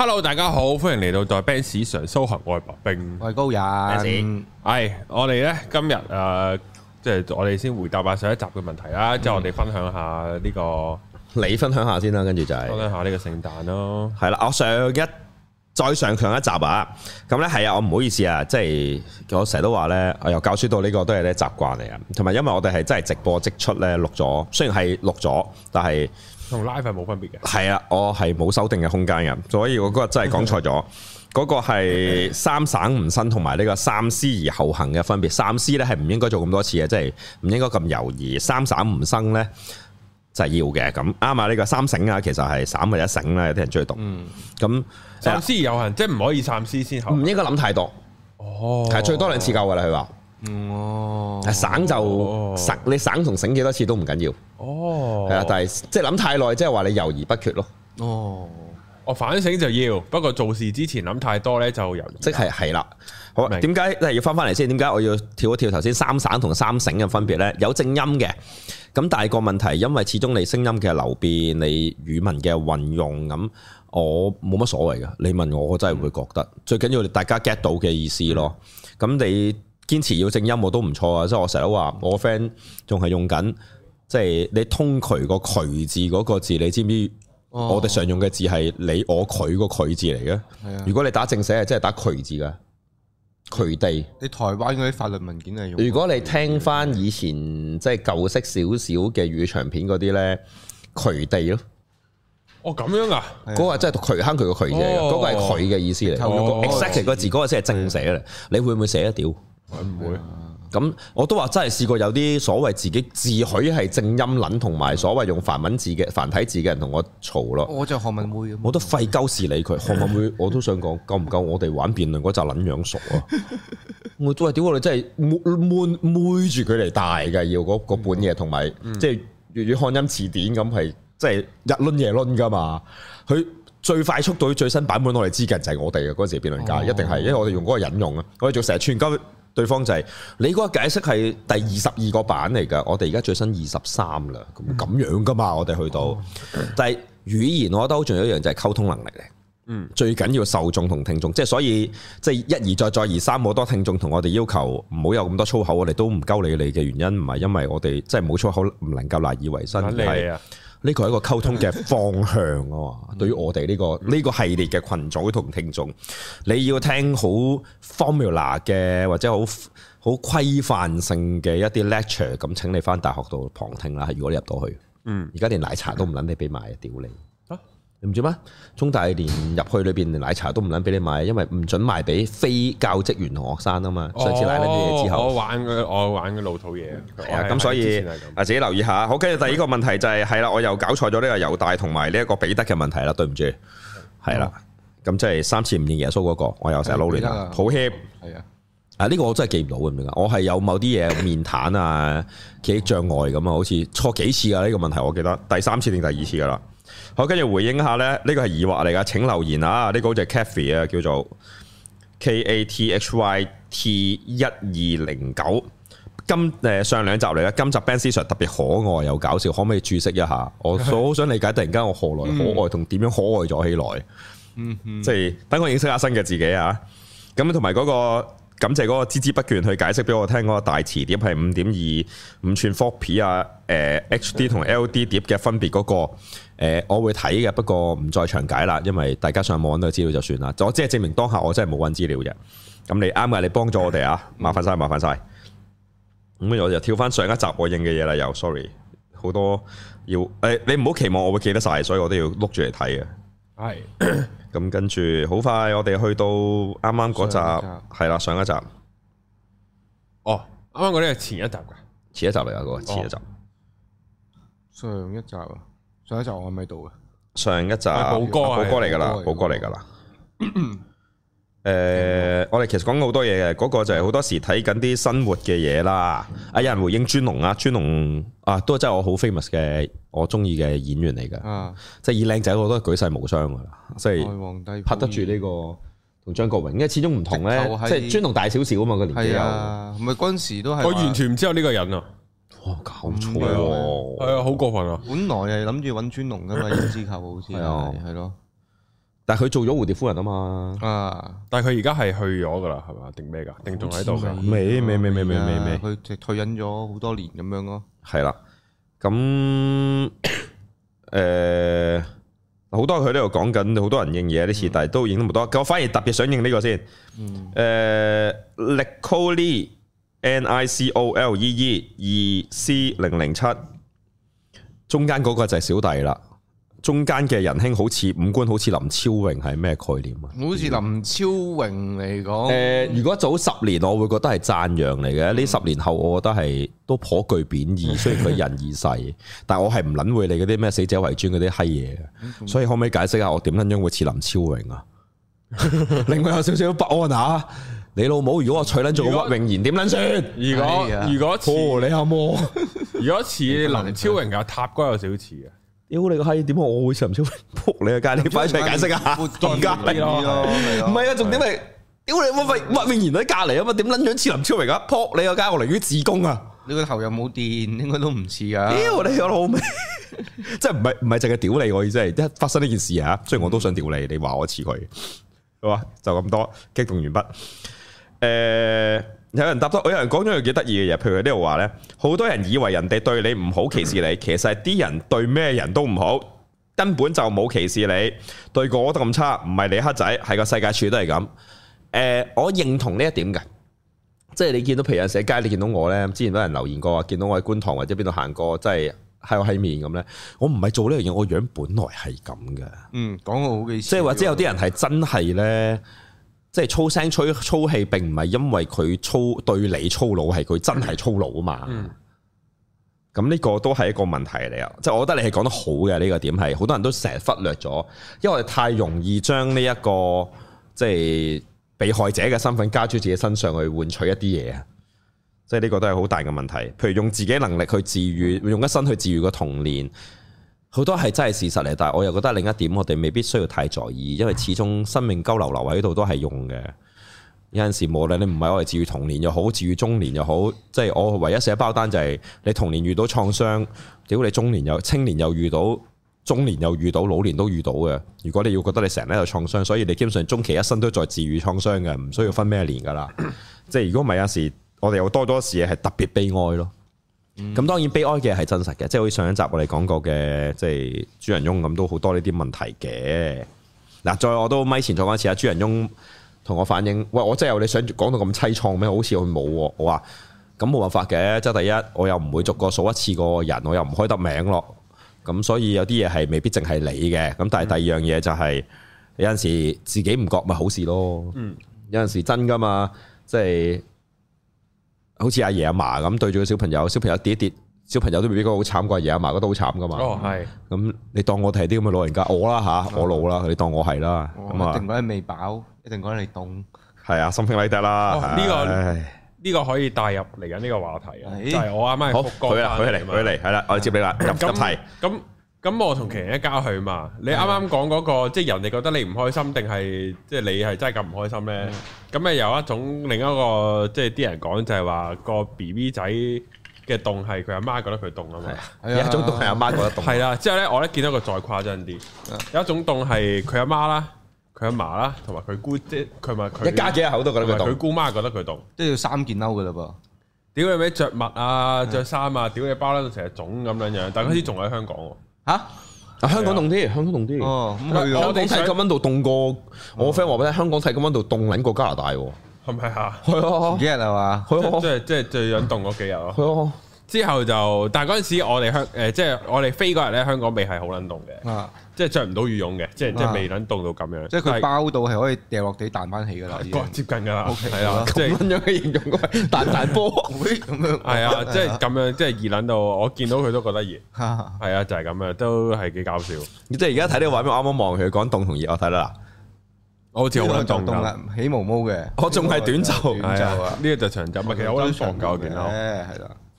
Hello，大家好，歡迎嚟到在 Benz 上修行，我係白兵，我係高人。係、呃就是、我哋咧今日誒，即係我哋先回答下上一集嘅問題啦，之後、mm. 我哋分享下呢、這個，你分享下先啦，跟住就是、分享下呢個聖誕咯，係啦，我上一再上上一集啊，咁咧係啊，我唔好意思啊，即、就、係、是、我成日都話咧，由教書到呢個都係咧習慣嚟啊，同埋因為我哋係真係直播即出咧錄咗，雖然係錄咗，但係。同 live 係冇分別嘅，係啊，我係冇修訂嘅空間嘅，所以我嗰日真係講錯咗。嗰 個係三省吾身同埋呢個三思而後行嘅分別。三思咧係唔應該做咁多次嘅，即係唔應該咁猶豫。三省吾身咧就係要嘅。咁啱啊，呢、這個三省啊，其實係省係一省啦，有啲人追讀。嗯，咁那三思而後行即係唔可以三思先後行，唔應該諗太多。哦，係最多兩次夠噶啦，佢話。哦，省就、哦、省，你省同省幾多次都唔緊要。哦，係啊，但係即係諗太耐，即係話你猶豫不決咯。哦，我反省就要，不過做事之前諗太多呢，就猶豫即係係啦，好，點解咧要翻翻嚟先？點解我要跳一跳頭先三省同三省嘅分別呢，有正音嘅，咁但係個問題，因為始終你聲音嘅流變，你語文嘅運用，咁我冇乜所謂噶。你問我我，我真係唔會覺得、嗯、最緊要，你大家 get 到嘅意思咯。咁你。堅持要正音我都唔錯啊！即係我成日都話我個 friend 仲係用緊，即係你通渠個渠字嗰個字，你知唔知我？我哋常用嘅字係你我佢個渠字嚟嘅。係啊，如果你打正寫係真係打渠字噶，渠地。你台灣嗰啲法律文件係用。如果你聽翻以前即係舊式少少嘅粵語長片嗰啲咧，渠地咯。哦、uh，咁樣啊？嗰、huh. oh uh. 個真係讀渠坑渠個渠字嘅，嗰、那個係渠嘅意思嚟。Exactly 個字嗰個先係正寫咧，你會唔會寫得屌！Yeah. 唔會，咁、嗯、我都話真係試過有啲所謂自己自詡係正音捻，同埋所謂用繁文字嘅繁體字嘅人同我嘈咯。我就漢文妹，我都費鳩事理佢。漢文妹， 我都想講夠唔夠？夠夠我哋玩辯論嗰集捻樣熟啊？ 我都話屌，我哋真係悶悶住佢嚟大嘅？要嗰本嘢同埋即係粵語漢音詞典咁係，即係日撚夜撚噶嘛？佢最快速度、最新版本我哋知嘅就係我哋嘅嗰陣時辯論界一定係，因為我哋用嗰個引用啊，我哋做成日串金。對方就係你嗰個解釋係第二十二個版嚟㗎，我哋而家最新二十三啦，咁咁樣㗎嘛，我哋去到，但係語言我覺得好仲有一樣就係溝通能力嚟。嗯，最緊要受眾同聽眾，即係所以即係一而再再而三好多聽眾同我哋要求唔好有咁多粗口，我哋都唔鳩理你嘅原因，唔係因為我哋即係冇粗口唔能夠賴以為生。嗯。呢個係一個溝通嘅方向啊嘛！ 對於我哋呢個呢個系列嘅群組同聽眾，你要聽好 formula 嘅或者好好規範性嘅一啲 lecture，咁請你翻大學度旁聽啦。如果你入到去，嗯，而家連奶茶都唔撚俾你俾埋，屌你！ 你唔知咩？中大連入去裏邊奶茶都唔捻俾你買，因為唔准賣俾非教職員同學生啊嘛。哦、上次買呢啲嘢之後，我玩嘅我玩嘅老土嘢。咁所以啊，自己留意下。好，跟住第二個問題就係係啦，我又搞錯咗呢個猶大同埋呢一個彼得嘅問題啦，對唔住。係啦，咁、嗯、即係三次唔認耶穌嗰、那個，我又成日撈亂啊。抱歉希，係啊，啊呢、這個我真係記唔到，唔明啊。我係有某啲嘢面癱啊，記憶障礙咁啊，好似錯幾次啊？呢、這個問題我記得第三次定第二次噶啦。嗯。好，跟住回應下呢。呢個係疑惑嚟噶，請留言啊！呢、呢個好似係 Kathy 啊，叫做 K A T H Y T 一二零九。9, 今誒、呃、上兩集嚟啦，今集 Ben Sir 特別可愛又搞笑，可唔可以注釋一下？我好的想理解，突然間我何來可愛，同點、嗯、樣可愛咗起來？即係等我認識下新嘅自己啊！咁同埋嗰個感謝嗰個孜孜不倦去解釋俾我聽嗰個大磁碟係五點二五寸 floppy 啊、呃，HD 同 LD 碟嘅分別嗰、嗰個。誒，我會睇嘅，不過唔再詳解啦，因為大家上網揾到資料就算啦。我即係證明當下我真係冇揾資料嘅。咁你啱嘅，你幫助我哋啊！麻煩晒，麻煩晒。咁我就跳翻上一集我影嘅嘢啦。又，sorry，好多要誒，你唔好期望我會記得晒，所以我都要碌住嚟睇嘅。係。咁 跟住好快，我哋去到啱啱嗰集係啦，上一集。哦，啱啱嗰啲係前一集㗎，前一集嚟啊，嗰個前一集。上一集啊！上一集我咪到嘅，上一集寶哥嚟噶啦，寶哥嚟噶啦。誒，我哋其實講好多嘢嘅，嗰個就係好多時睇緊啲生活嘅嘢啦。啊，有人回應尊龍啊，尊龍啊，都真係我好 famous 嘅，我中意嘅演員嚟㗎。啊，即係以靚仔，我都舉世無雙㗎啦，即係拍得住呢個同張國榮，因為始終唔同咧，即係尊龍大少少啊嘛，個年紀又，唔係嗰陣時都係。我完全唔知道呢個人啊。哇！搞錯喎，係、嗯、啊，好、嗯啊、過分啊！本來係諗住揾尊龍噶嘛，英姿球好似係係咯，但係佢做咗蝴蝶夫人啊嘛，啊！但係佢而家係去咗噶啦，係嘛？定咩噶？定仲喺度噶？未未未未未未未？佢即退隱咗好多年咁樣咯。係啦，咁誒，好多佢呢度講緊，好多人應嘢啲事，但係都應得冇多。我反而特別想應呢個先，誒、嗯，力扣力。N I，e，C O L E E 二 C 零零七中間嗰個就係小弟啦，中間嘅仁兄好似五官好似林超榮係咩概念啊？好似，呃，林超榮嚟講，誒，如果早十年我會覺得係贊揚嚟嘅，呢十，嗯，年後我覺得係都頗具貶義，雖然佢人已逝，但我係唔捻會你嗰啲咩死者為尊嗰啲閪嘢，所以可唔可以解釋下我點解會似林超榮啊？令我有少少不安啊！你老母，如果我娶撚做屈穎賢，點撚算？如果如果，潑你有冇？如果似林超榮又塔哥有少似啊。屌你個閪，點我會似林超榮？撲你個街，你快一齊解釋啊！活該，唔係啊？重點係？屌你！我咪屈穎賢喺隔籬啊嘛？點撚樣似林超榮啊？撲你個街！我寧願自宮啊！你個頭又冇電，應該都唔似啊！屌你個老味！真係唔係唔係淨係屌你我意思係！一發生呢件事啊，雖然我都想屌你，你話我似佢，好啊？就咁多激動完畢。誒、呃，有人答到，有人講咗句幾得意嘅嘢，譬如呢度話咧，好多人以為人哋對你唔好歧視你，其實係啲人對咩人都唔好，根本就冇歧視你，對個我都咁差，唔係你黑仔，係個世界處都係咁。誒、呃，我認同呢一點嘅，即係你見到，譬如喺街，你見到我咧，之前都有人留言過話，見到我喺觀塘或者邊度行過，即係係我喺面咁咧，我唔係做呢樣嘢，我樣本來係咁嘅。嗯，講個好嘅，意思。即係或者有啲人係真係咧。嗯嗯即係粗聲吹粗氣，氣並唔係因為佢粗對你粗魯，係佢真係粗魯啊嘛。咁呢、嗯、個都係一個問題嚟啊！即係我覺得你係講得好嘅呢、呢個點係，好多人都成日忽略咗，因為太容易將呢一個即係被害者嘅身份加喺自己身上去換取一啲嘢啊！即係呢個都係好大嘅問題。譬如用自己能力去治癒，用一生去治癒個童年。好多係真係事實嚟，但係我又覺得另一點，我哋未必需要太在意，因為始終生命交流留喺度都係用嘅。有陣時無論你唔係我哋治癒童年又好，治癒中年又好，即係我唯一寫包單就係你童年遇到創傷，屌你中年又青年又遇到，中年又遇到，老年都遇到嘅。如果你要覺得你成日喺度創傷，所以你基本上中期一生都在治癒創傷嘅，唔需要分咩年㗎喇。即係如果唔係，有陣時我哋又多多事嘢，係特別悲哀咯。咁、嗯、當然悲哀嘅係真實嘅，即係好似上一集我哋講過嘅，即係朱仁翁咁都好多呢啲問題嘅。嗱，再我都咪前再翻一次，朱仁翁同我反映，喂，我真係有你想講到咁凄慘咩？好似我冇喎。我話咁冇辦法嘅，即係第一，我又唔會逐個數一次個人，我又唔開得名咯。咁所以有啲嘢係未必淨係你嘅。咁但係第二樣嘢就係、是、有陣時自己唔覺咪好事咯。有陣時真㗎嘛，即係。好似阿爺阿嫲咁對住個小朋友，小朋友跌一跌，小朋友都未必覺得好慘，個阿爺阿嫲覺得好慘噶嘛。哦，係。咁你當我係啲咁嘅老人家，我啦吓，我老啦，你當我係啦。咁啊，一定覺得你未飽，一定覺得你凍。係啊，心平氣得啦。呢個呢個可以帶入嚟緊呢個話題。就係我啱啱福岡。好，佢啦，佢嚟，佢嚟，係啦，我接你啦。入題。咁我同其他人一家去嘛？你啱啱講嗰個，即係人哋覺得你唔開心，定係即係你係真係咁唔開心咧？咁咪有一種另一個，即係啲人講就係話個 B B 仔嘅凍係佢阿媽覺得佢凍啊嘛，有一種凍係阿媽覺得凍。係啦，之後咧我咧見到個再誇張啲，有一種凍係佢阿媽啦、佢阿嫲啦，同埋佢姑即佢咪佢。一家幾口都覺得佢佢姑媽覺得佢凍，都要三件褸嘅嘞噃。屌你咩着襪啊，着衫啊，屌你包啦，成日腫咁樣樣，但係好似仲喺香港喎。啊！啊香港凍啲，香港凍啲。哦，我哋睇咁溫度凍過，我 friend 話俾我聽，香港睇咁溫度凍緊過加拿大喎。係咪啊？係啊，幾日係嘛？即係即係最緊凍嗰幾日咯。啊、之後就，但係嗰陣時我哋香誒，即係我哋飛嗰日咧，香港未係好冷凍嘅。啊！即係着唔到羽絨嘅，即係即係未撚凍到咁樣。即係佢包到係可以掉落地彈翻起㗎啦，接近㗎啦。係啊，即係咁樣嘅形容，彈彈波會咁樣。係啊，即係咁樣，即係熱撚到我見到佢都覺得熱。係啊，就係咁啊，都係幾搞笑。即係而家睇呢個畫面，我啱啱望佢講凍同熱，我睇啦。我好似好耐凍凍啦，起毛毛嘅。我仲係短袖，呢個就長袖。其實我都長袖啲啦。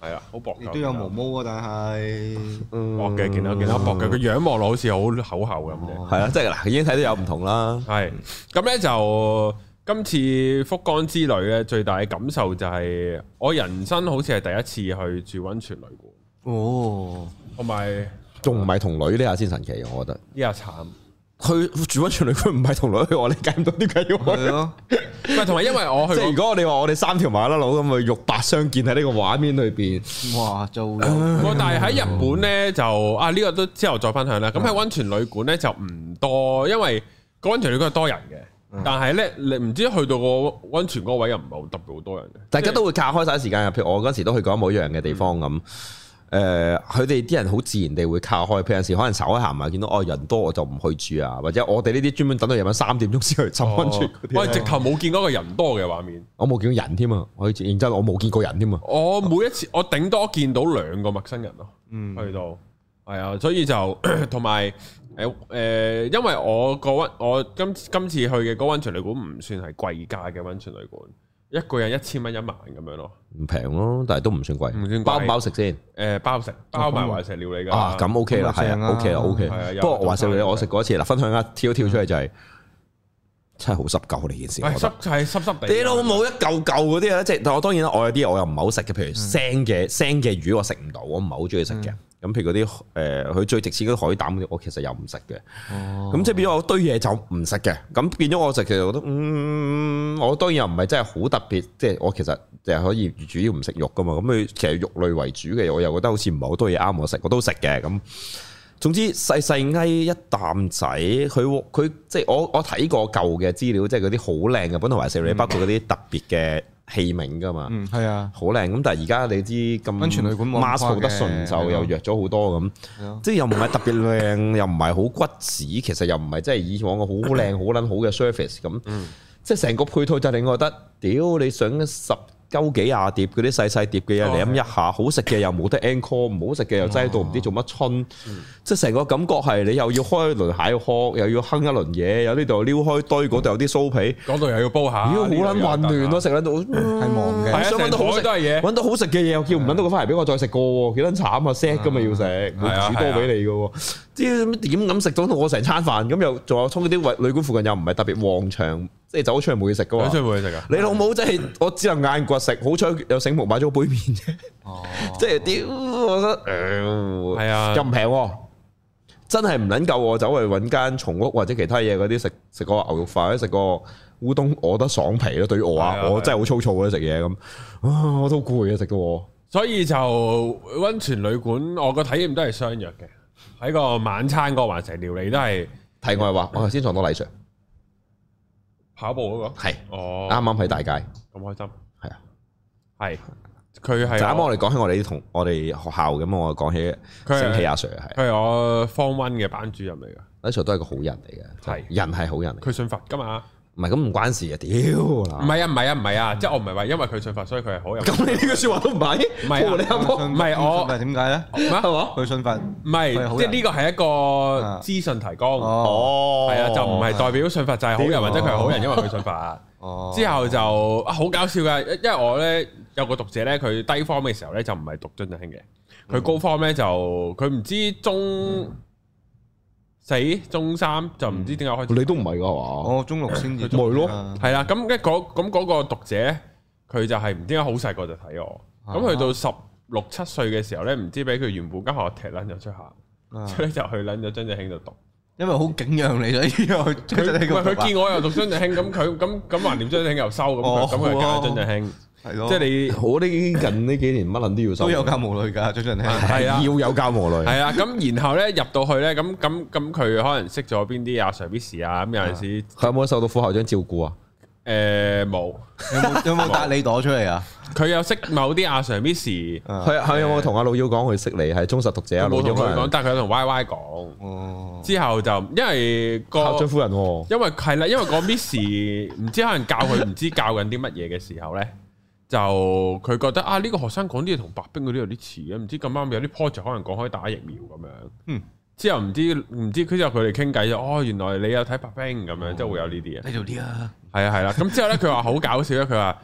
係啊，好薄都有毛毛啊，但係、嗯、薄嘅，見到見到薄嘅，佢仰望落好似好厚厚咁嘅。係、哦、啊，即係嗱，已經睇到有唔同啦。係、嗯，咁咧、啊、就今次福岡之旅咧，最大嘅感受就係我人生好似係第一次去住溫泉旅館。哦，同埋仲唔係同女呢下先神奇，我覺得呢下慘。佢住溫泉旅館唔係同女去？我理解唔到啲計劃咯。係同埋， 因為我去即係 如果我哋話我哋三條馬甩佬咁啊，肉帛相見喺呢個畫面裏邊哇，做。啊、但係喺日本咧就啊，呢、這個都之後再分享啦。咁喺溫泉旅館咧就唔多，因為個溫泉旅館多人嘅。嗯、但係咧，你唔知去到溫個溫泉嗰位又唔係好特別，好多人嘅。嗯、大家都會隔開晒時間，譬如我嗰時都去過冇人嘅地方咁。嗯嗯誒，佢哋啲人好自然地會靠開，譬如有陣時可能稍一行埋，見到哦人多，我就唔去住啊。或者我哋呢啲專門等到夜晚三點鐘先去浸溫泉，哦。我係直頭冇見到個人多嘅畫面，我冇見到人添啊！我認真，我冇見過人添啊！哦、我每一次我頂多見到兩個陌生人咯。去到度，嗯，係啊，所以就同埋誒誒，因為我個溫我今今次去嘅個溫泉旅館唔算係貴價嘅溫泉旅館。一個人一千蚊一晚咁樣咯，唔平咯，但係都唔算貴。唔算包唔包食先？誒、呃，包食，包埋懷石料理噶。啊，咁 OK 啦，係啊，OK，啦 OK 啦啊，OK 不過懷石料理我食過一次啦，對分享一下。跳跳出嚟就係、是、對 真係好濕鳩呢件事。濕就係濕濕地，你老母一嚿嚿嗰啲啊！即係，但我當然啦，我有啲我又唔係好食嘅，譬如腥嘅腥嘅魚我，我食唔到，我唔係好中意食嘅。咁譬如嗰啲誒，佢、呃、最值錢嗰啲海膽啲，我其實又唔食嘅。咁、哦、即係變咗，變我堆嘢就唔食嘅。咁變咗，我食其實覺得，嗯，我當然又唔係真係好特別。即係我其實就係可以主要唔食肉㗎嘛。咁佢其實肉類為主嘅，我又覺得好似唔係好多嘢啱我食，我都食嘅。咁總之細細埃一啖仔，佢佢即係我我睇過舊嘅資料，即係嗰啲好靚嘅本土懷石料理包括嗰啲特別嘅。器皿噶嘛，係啊，好靚咁。但係而家你知咁 master 得順手又弱咗好多咁，即係又唔係特別靚，又唔係好骨子，其實又唔係即係以往嘅好靚好撚好嘅 surface 咁，即係成個配套就令我覺得，屌你上十。鳩幾廿碟嗰啲細細碟嘅嘢你諗一下，好食嘅又冇得 anchor，唔好食嘅又擠到唔知做乜春，即係成個感覺係你又要開一輪蟹殼，又要哼一輪嘢，有啲度撩開堆，嗰度有啲酥皮，講到又要煲下，妖好撚混亂咯，食喺到，係忙嘅，想揾到好食都係嘢，揾到好食嘅嘢又叫唔揾到佢翻嚟俾我再食過，幾撚慘啊 set 咁啊要食，冇主刀俾你嘅喎，啲點咁食到同我成餐飯咁又仲有衝啲旅館附近又唔係特別旺場，即係走出去冇嘢食噶，走出嚟冇嘢食噶。你老母真係，我只能硬骨食。好彩有醒目買咗杯麵啫。哦、即係點？我覺得，係、哎、是啊，啊，又唔平，真係唔捻夠。我走去揾間松屋或者其他嘢嗰啲食食個牛肉飯，食個烏冬，我覺得爽皮咯。對於我是啊，我真係好粗糙嘅食嘢咁啊，我都攰嘅食噶。到我所以就溫泉旅館，我個體驗都係相若嘅。喺個晚餐個環城料理都係題外話。我先撞到禮尚。跑步嗰、那個係，啱啱喺大街咁開心，係啊，係佢係就啱啱我哋講起我哋啲同我哋學校咁，我講起升起阿 Sir 係是，係、啊、我 Form One 嘅班主任嚟噶，阿 Sir 都係個好人嚟嘅。係是人係好人，嚟。佢信佛噶嘛。唔係咁，唔關事啊！屌，唔係啊，唔係啊，唔係啊！即係我唔係話因為佢信佛，所以佢係好人。咁你呢個說話都唔係，唔係你唔係我，唔係點解咧？係嘛，佢信佛，唔係即係呢個係一個資訊提供。哦，係啊，就唔係代表信佛就係好人，或者佢係好人，因為佢信佛。之後就好搞笑㗎，因為我咧有個讀者咧，佢低方嘅時候咧就唔係讀張振興嘅，佢高方咧就佢唔知中，死中三就唔知點解開始。嗯、你都唔係噶係嘛？我、哦、中六先至唔係咯。係啦囉，咁嗰咁嗰個讀者，佢就係唔知點解好細個就睇我。咁去的到十六七歲嘅時候咧，唔知俾佢原本間學校踢甩咗出下，的所以就去撚咗張振興度讀因。因為好敬仰你，所以佢唔係佢見我又讀張振興，咁佢咁咁橫掂張振興又收咁，咁佢跟住張振興。係咯，即係你我啲近呢幾年乜捻都要收，都有教無類噶，最近係啊，要有教無類，係、嗯、啊。咁然後咧入到去咧，咁咁咁佢可能識咗邊啲阿 Sir、Miss 啊，咁有陣時佢有冇受到副校長照顧啊？誒，冇，有冇有冇搭你攞出嚟啊？佢有識某啲阿 Sir、Miss，佢佢有冇同阿老妖講佢識你係忠實讀者啊？老同佢講，但佢同 Y Y 講，哦、之後就因為、個、校長夫人、哦，因為係啦，因為嗰 Miss 唔知可能教佢唔知教緊啲乜嘢嘅時候咧。就佢覺得啊，呢、這個學生講啲嘢同白兵嗰啲有啲似嘅，唔知咁啱有啲 project 可能講開打疫苗咁樣，嗯，之後唔知唔知，之後佢哋傾偈就哦，原來你有睇白兵咁、哦、樣，即係會有呢啲嘢，低調啲啊，係啊係啦，咁、啊、之後咧佢話好搞笑啊，佢話。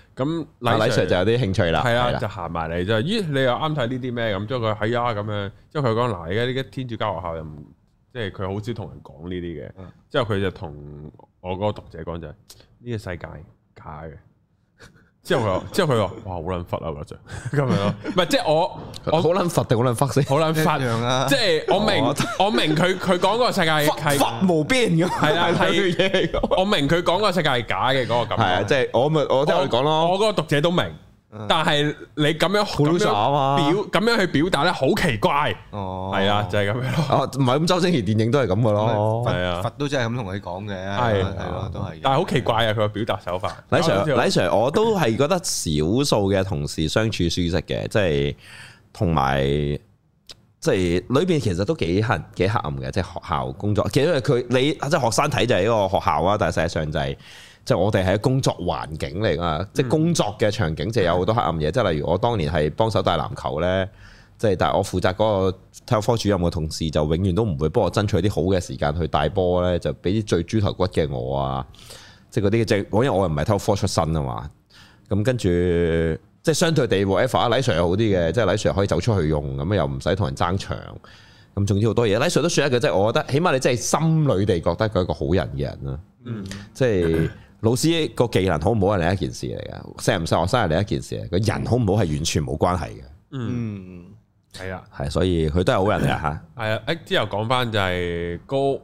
咁嗱，黎 Sir 就有啲興趣啦，係啦、啊，啊、就行埋嚟就咦，你又啱睇呢啲咩咁？之後佢係啊咁樣，之後佢講嗱，而家呢啲天主教學校又唔，即係佢好少同人講呢啲嘅。之、嗯、後佢就同我嗰個讀者講就係：呢個世界假嘅。之後佢話，之後佢話，哇，好撚佛啊嗰隻，咁樣咯，唔係 即係我，我好撚佛定好撚佛先？好撚佛，即係我明我，我明佢，佢講個世界係無邊嘅，係啊，兩樣嘢嚟嘅，我明佢講個世界係假嘅嗰個感覺，係啊，即係我咪我即係講咯，我個讀者都明。但係你咁樣表咁、啊、樣去表達咧，好奇怪，係、哦、啊，就係、是、咁樣咯。唔係咁，周星馳電影都係咁嘅咯，係啊、哦，佛都真係咁同佢講嘅，係啊，都係、啊。但係好奇怪啊，佢嘅、啊、表達手法。李 Sir，李 Sir，我都係覺得少數嘅同事相處舒適嘅，即係同埋即係裏邊其實都幾黑幾黑暗嘅，即、就、係、是、學校工作。其實因為佢你即係、就是、學生睇就係一個學校啊，但係實際上就係、是。即係我哋係一個工作環境嚟㗎，即係工作嘅場景，就有好多黑暗嘢。即係、嗯、例如我當年係幫手帶籃球咧，即係但係我負責嗰個體育科主任嘅同事就永遠都唔會幫我爭取啲好嘅時間去帶波咧，就俾啲最豬頭骨嘅我啊，即係嗰啲即係，因為我又唔係體育科出身啊嘛。咁跟住即係相對地，我 F 啊，黎 Sir 又好啲嘅，即係黎 Sir 可以走出去用，咁又唔使同人爭場。咁總之好多嘢，黎 Sir 都算一個，即係我覺得，起碼你真係心裏地覺得佢係一個好人嘅人啊。嗯、即係。 老師個技能好唔好係另一件事嚟噶，識唔識學生係另一件事，個人好唔好係完全冇關係嘅。嗯，係啊，係所以佢都係好人嚟吓。係啊，誒 之後講翻就係高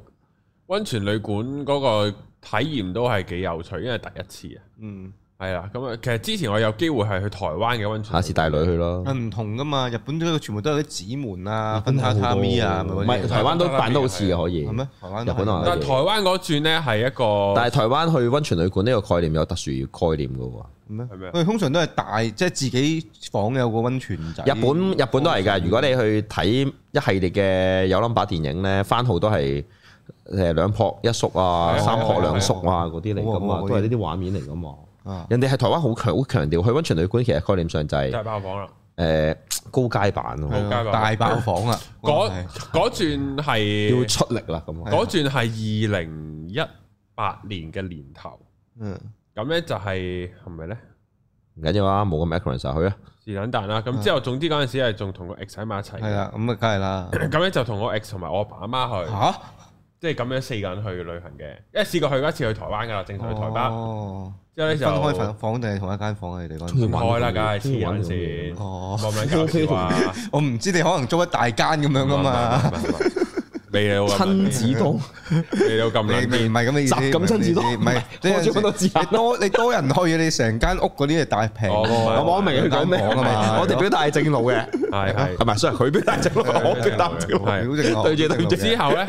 温泉旅館嗰個體驗都係幾有趣，因為第一次啊。嗯。係啦，咁啊，其實之前我有機會係去台灣嘅溫泉，下次帶女去咯。唔同噶嘛，日本都全部都有啲紙門啊、粉榻榻米啊，唔係，台灣都扮得好似嘅可以。係咩？台灣都係。但係台灣嗰轉咧係一個，但係台灣去溫泉旅館呢個概念有特殊概念噶喎。咩？佢通常都係大，即係自己房有個溫泉仔。日本，日本都係㗎。如果你去睇一系列嘅有冧巴電影咧，番號都係誒兩泊一宿啊，三泊兩宿啊嗰啲嚟㗎嘛，都係呢啲畫面嚟㗎嘛。人哋係台灣好強好強調，去温泉旅館其實概念上就係大爆房啦，誒、呃、高階版咯，大爆房啊，嗰嗰轉係要出力啦，咁嗰轉係二零一八年嘅年頭，嗯，咁咧就係係咪咧？唔緊要啊，冇咁 Macron 去啊，是冷淡啦。咁之後，總之嗰陣時係仲同個 x 喺埋一齊，係啦，咁啊梗係啦，咁咧就同我 x 同埋我爸阿媽去。啊即係咁樣四個人去旅行嘅，因為試過去過一次去台灣㗎啦，正常去台北。哦、即係啲時候你分開房定係同一間房啊？你哋嗰陣時。分開啦，梗係四個人先。哦。咪咁樣搞笑啊！okay. 我唔知你可能租一大間咁樣㗎嘛。 親子檔你有，咁你唔係咁嘅意思。咁親子檔唔係，即係我都知多你多人去，你成間屋嗰啲係大平。我我明佢講咩，我哋表達係正路嘅。係係係唔係，所以佢表達正路，我表達係好正。對住對住之後咧，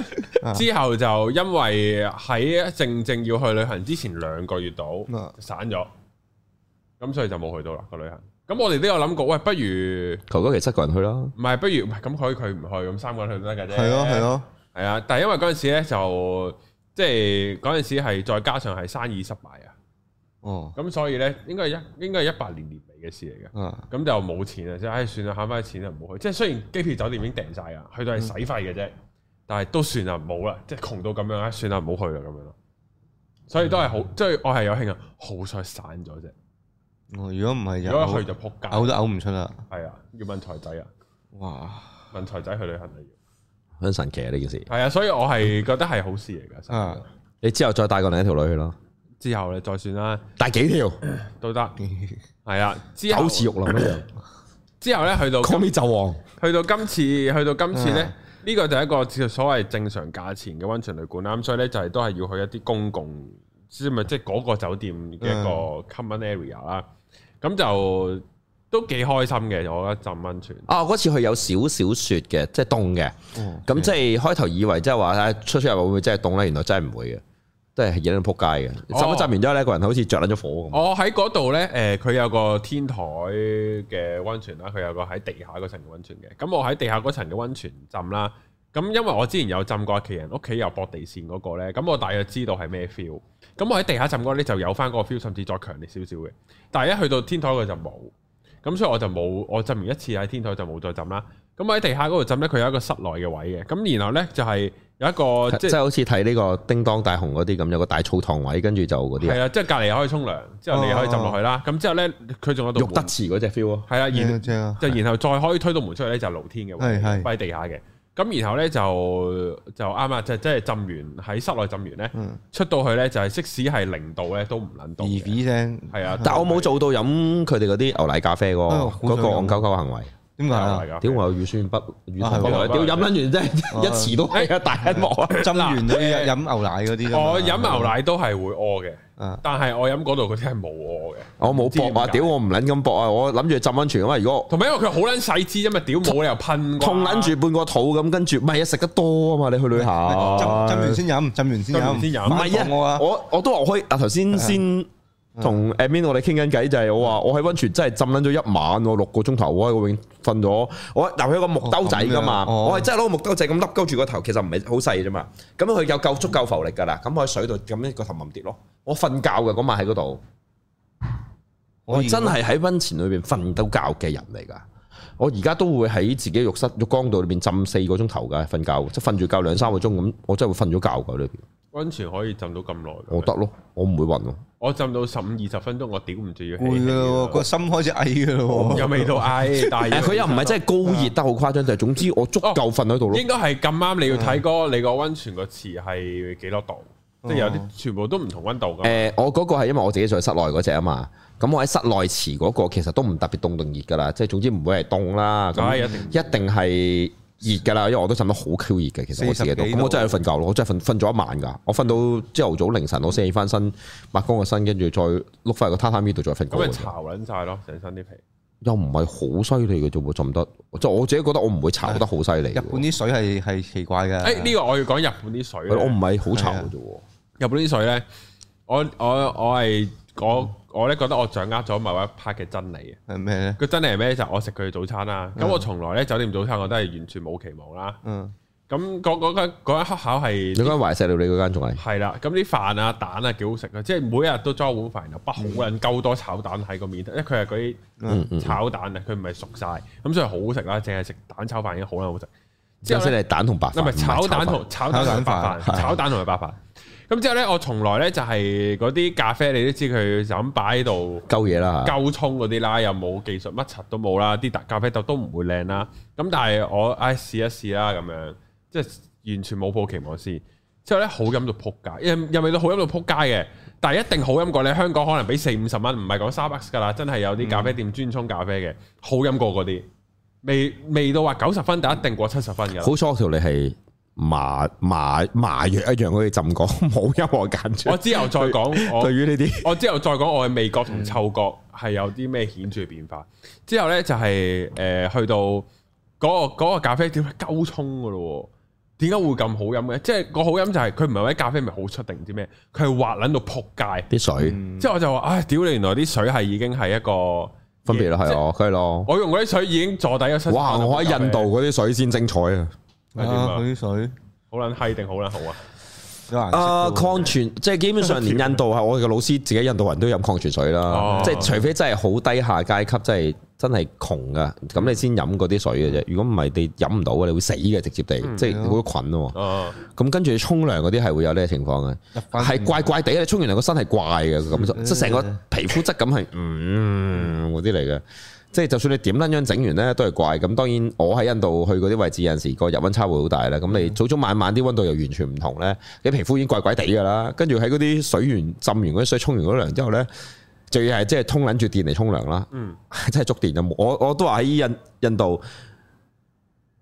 之後就因為喺正正要去旅行之前兩個月度散咗，咁所以就冇去到啦，個旅行。咁我哋都有諗過，喂，不如求其七個人去咯。唔係不如唔係咁佢佢唔去，咁三個人去得嘅啫。係咯，係咯。係啊，但係因為嗰陣時咧就即係嗰陣時係再加上係生意失敗啊，哦，咁所以咧應該係一應該係一八年年尾嘅事嚟嘅，咁、嗯、就冇錢啊，即係唉算啦，慳翻啲錢啊，唔好去。即係雖然機票酒店已經訂晒啊，去到係使費嘅啫，嗯、但係都算啦，唔好啦，即係窮到咁樣啊，算啦，唔好去啦咁樣咯。所以都係好，即係、嗯、我係有興啊，好彩散咗啫。哦，如果唔係，如果去就撲街，嘔都嘔唔出啦。係啊，要問財仔啊，啊，啊，哇，問財仔去旅行啊很神奇啊，呢件事，係啊，所以我係覺得係好事嚟噶。啊，你之後再帶個另一條女去咯，之後你再算啦，帶幾條都得，係啊。之後好似玉林一樣，之後咧去到後尾就王，去到今次，去到今次咧，呢個就係一個所謂正常價錢嘅溫泉旅館啦。咁所以咧就係都係要去一啲公共，即係咪即係嗰個酒店嘅一個 common area 啦。咁就。都幾開心嘅，我覺得浸温泉啊！嗰次佢有少少雪嘅，即係凍嘅，咁、嗯、即係、嗯、開頭以為即係話咧出出入入會唔會真係凍咧？原來真係唔會嘅，都係熱到撲街嘅。浸一浸完之後咧，個、哦、人好似着撚咗火咁、哦。我喺嗰度咧，誒、呃、佢有個天台嘅温泉啦，佢有個喺地下嗰層嘅温泉嘅。咁我喺地下嗰層嘅温泉浸啦，咁因為我之前有浸過一羣人，屋企有駁地線嗰、那個咧，咁我大約知道係咩 feel。咁我喺地下浸嗰陣咧就有翻嗰個 feel，甚至再強烈少少嘅。但係一去到天台佢就冇。咁所以我就冇，我浸完一次喺天台就冇再浸啦。咁喺地下嗰度浸呢，佢有一個室內嘅位嘅。咁然後呢，就係、是、有一個、就是、即係好似睇呢個《叮當大雄》嗰啲咁，有個大澡堂位，跟住就嗰啲。係啊，即係隔離又可以沖涼，之後你又可以浸落去啦。咁之、哦哦哦、後呢，佢仲有浴德池嗰隻 feel 咯。係啊，然就後、啊、後再可以推到門出去呢，就是、露天嘅位，擺喺地下嘅。咁然後咧，就就啱啊！就即係浸完喺室內浸完咧，出到去咧，就係即使係零度咧，都唔撚凍。咦？聲係啊！但係我冇做到飲佢哋嗰啲牛奶咖啡喎。嗰個戇鳩鳩行為點解啊？屌我有乳糖不耐同埋，屌飲撚完真係一次都係一大幕啊！浸完都要飲牛奶嗰啲，我飲牛奶都係會屙嘅。但係我飲嗰度嗰啲係冇我嘅，我冇搏啊！屌我唔撚咁搏啊！我諗住浸温泉啊嘛！如果同埋因為佢好撚細支，因為屌冇理由噴，痛撚住半個肚咁，跟住唔係啊食得多啊嘛！你去旅行浸完先飲，浸完先飲，浸完先飲，唔係啊，啊！我我都落去，啊頭先先。同 Admin 我哋傾緊偈就係、是、我話我喺温泉真係浸撚咗一晚，我六個鐘頭我喺嗰邊瞓咗。我嗱佢有個木兜仔噶嘛，哦哦、我係真係攞個木兜仔咁笠高住個頭，其實唔係好細啫嘛。咁佢有夠足夠浮力噶啦。咁喺水度咁一個頭冧跌咯。我瞓覺嘅嗰、那個、晚喺嗰度，我真係喺温泉裏邊瞓到覺嘅人嚟噶。我而家都會喺自己浴室浴缸度裏邊浸四個鐘頭㗎，瞓覺即係瞓住覺兩三個鐘咁，我真係會瞓咗覺嘅喺裏溫泉可以浸到咁耐，我得咯，我唔會暈咯。我浸到十五二十分鐘，我頂唔住要。會咯，個心開始矮噶咯，有味道矮。但係佢又唔係真係高熱得好誇張，就係總之我足夠瞓喺度咯。應該係咁啱你要睇嗰你個溫泉個池係幾多度，即係有啲全部都唔同溫度噶。誒，我嗰個係因為我自己在室內嗰隻啊嘛，咁我喺室內池嗰個其實都唔特別凍定熱噶啦，即係總之唔會係凍啦，一定一定係，熱噶啦，因為我都浸得好 Q 熱嘅，其實我自己都，咁我真係瞓覺咯，我真係瞓瞓咗一晚噶，我瞓到朝頭早凌晨，我先起翻身，抹乾個身，跟住再碌翻個榻榻米度再瞓覺。咁咪巢捻晒咯，成身啲皮。又唔係好犀利嘅啫，我浸得，即係我自己覺得我唔會炒得好犀利。日本啲水係係奇怪嘅。誒、欸、呢、這個我要講日本啲水。我唔係好巢啫。日本啲水咧，我我我係我。嗯我咧覺得我掌握咗某一 part 嘅真理啊，係咩咧？個真理係咩？就我食佢早餐啦。咁我從來咧酒店早餐我都係完全冇期望啦。嗯。咁嗰嗰間黑巧係，嗰間懷石料理嗰間仲係。係啦。咁啲飯啊蛋啊幾好食啊，即係每一日都裝碗飯又不好人夠多炒蛋喺個面，因為佢係嗰啲炒蛋啊，佢唔係熟晒，咁所以好好食啦。淨係食蛋炒飯已經好啦，好食。即係蛋同白飯。唔係炒蛋同炒蛋飯，炒蛋同埋白飯。咁之後咧，我從來咧就係嗰啲咖啡，你都知佢就咁擺喺度鳩嘢啦，鳩衝嗰啲啦，又冇技術，乜柒都冇啦，啲咖啡豆都唔會靚啦。咁但係我唉試、哎、一試啦，咁樣即係完全冇抱期望先。之後咧好飲到仆街，又又未到好飲到仆街嘅，但係一定好飲過你香港可能俾四五十蚊，唔係講 Starbucks 噶啦，真係有啲咖啡店專沖咖啡嘅，嗯、好飲過嗰啲，未未到話九十分，但一定過七十分嘅。好 s h o r 你係。麻麻麻藥一樣浸，我哋浸過冇音樂揀出。我之後再講， 對於呢啲，我之後再講，我嘅味覺同嗅覺係有啲咩顯著嘅變化。之後咧就係、是、誒、呃，去到嗰、那個、那個咖啡點溝通噶咯？點解會咁好飲嘅？即係個好飲就係佢唔係話啲咖啡味好出定唔知咩？佢係滑捻到扑街啲水。嗯、之後我就話：，唉、哎，屌！你原來啲水係已經係一個分別咯，係咯西，係咯的。我用嗰啲水已經坐底咗。哇！我喺印度嗰啲水先精彩啊！礦泉水好卵閪定好卵好啊！啊，礦泉即係基本上連印度啊，我哋嘅老師自己印度人都飲礦泉水啦。即係除非真係好低下階級，真係真係窮噶，咁你先飲嗰啲水嘅啫。如果唔係，你飲唔到啊，你會死嘅直接地，即係好多菌啊。咁跟住沖涼嗰啲係會有呢個情況嘅，係怪怪地。你沖完涼個身係怪嘅感受，即係成個皮膚質感係唔，嗰啲嚟嘅。即係就算你點撚樣整完咧，都係怪。咁當然我喺印度去嗰啲位置，有陣時個日溫差會好大咧。咁你早早晚晚啲溫度又完全唔同咧，你皮膚已經怪怪地噶啦。跟住喺嗰啲水源浸完嗰啲水，沖完嗰涼之後咧，是就要係即係通撚住電嚟沖涼啦。嗯，真係觸電就我我都話喺印印度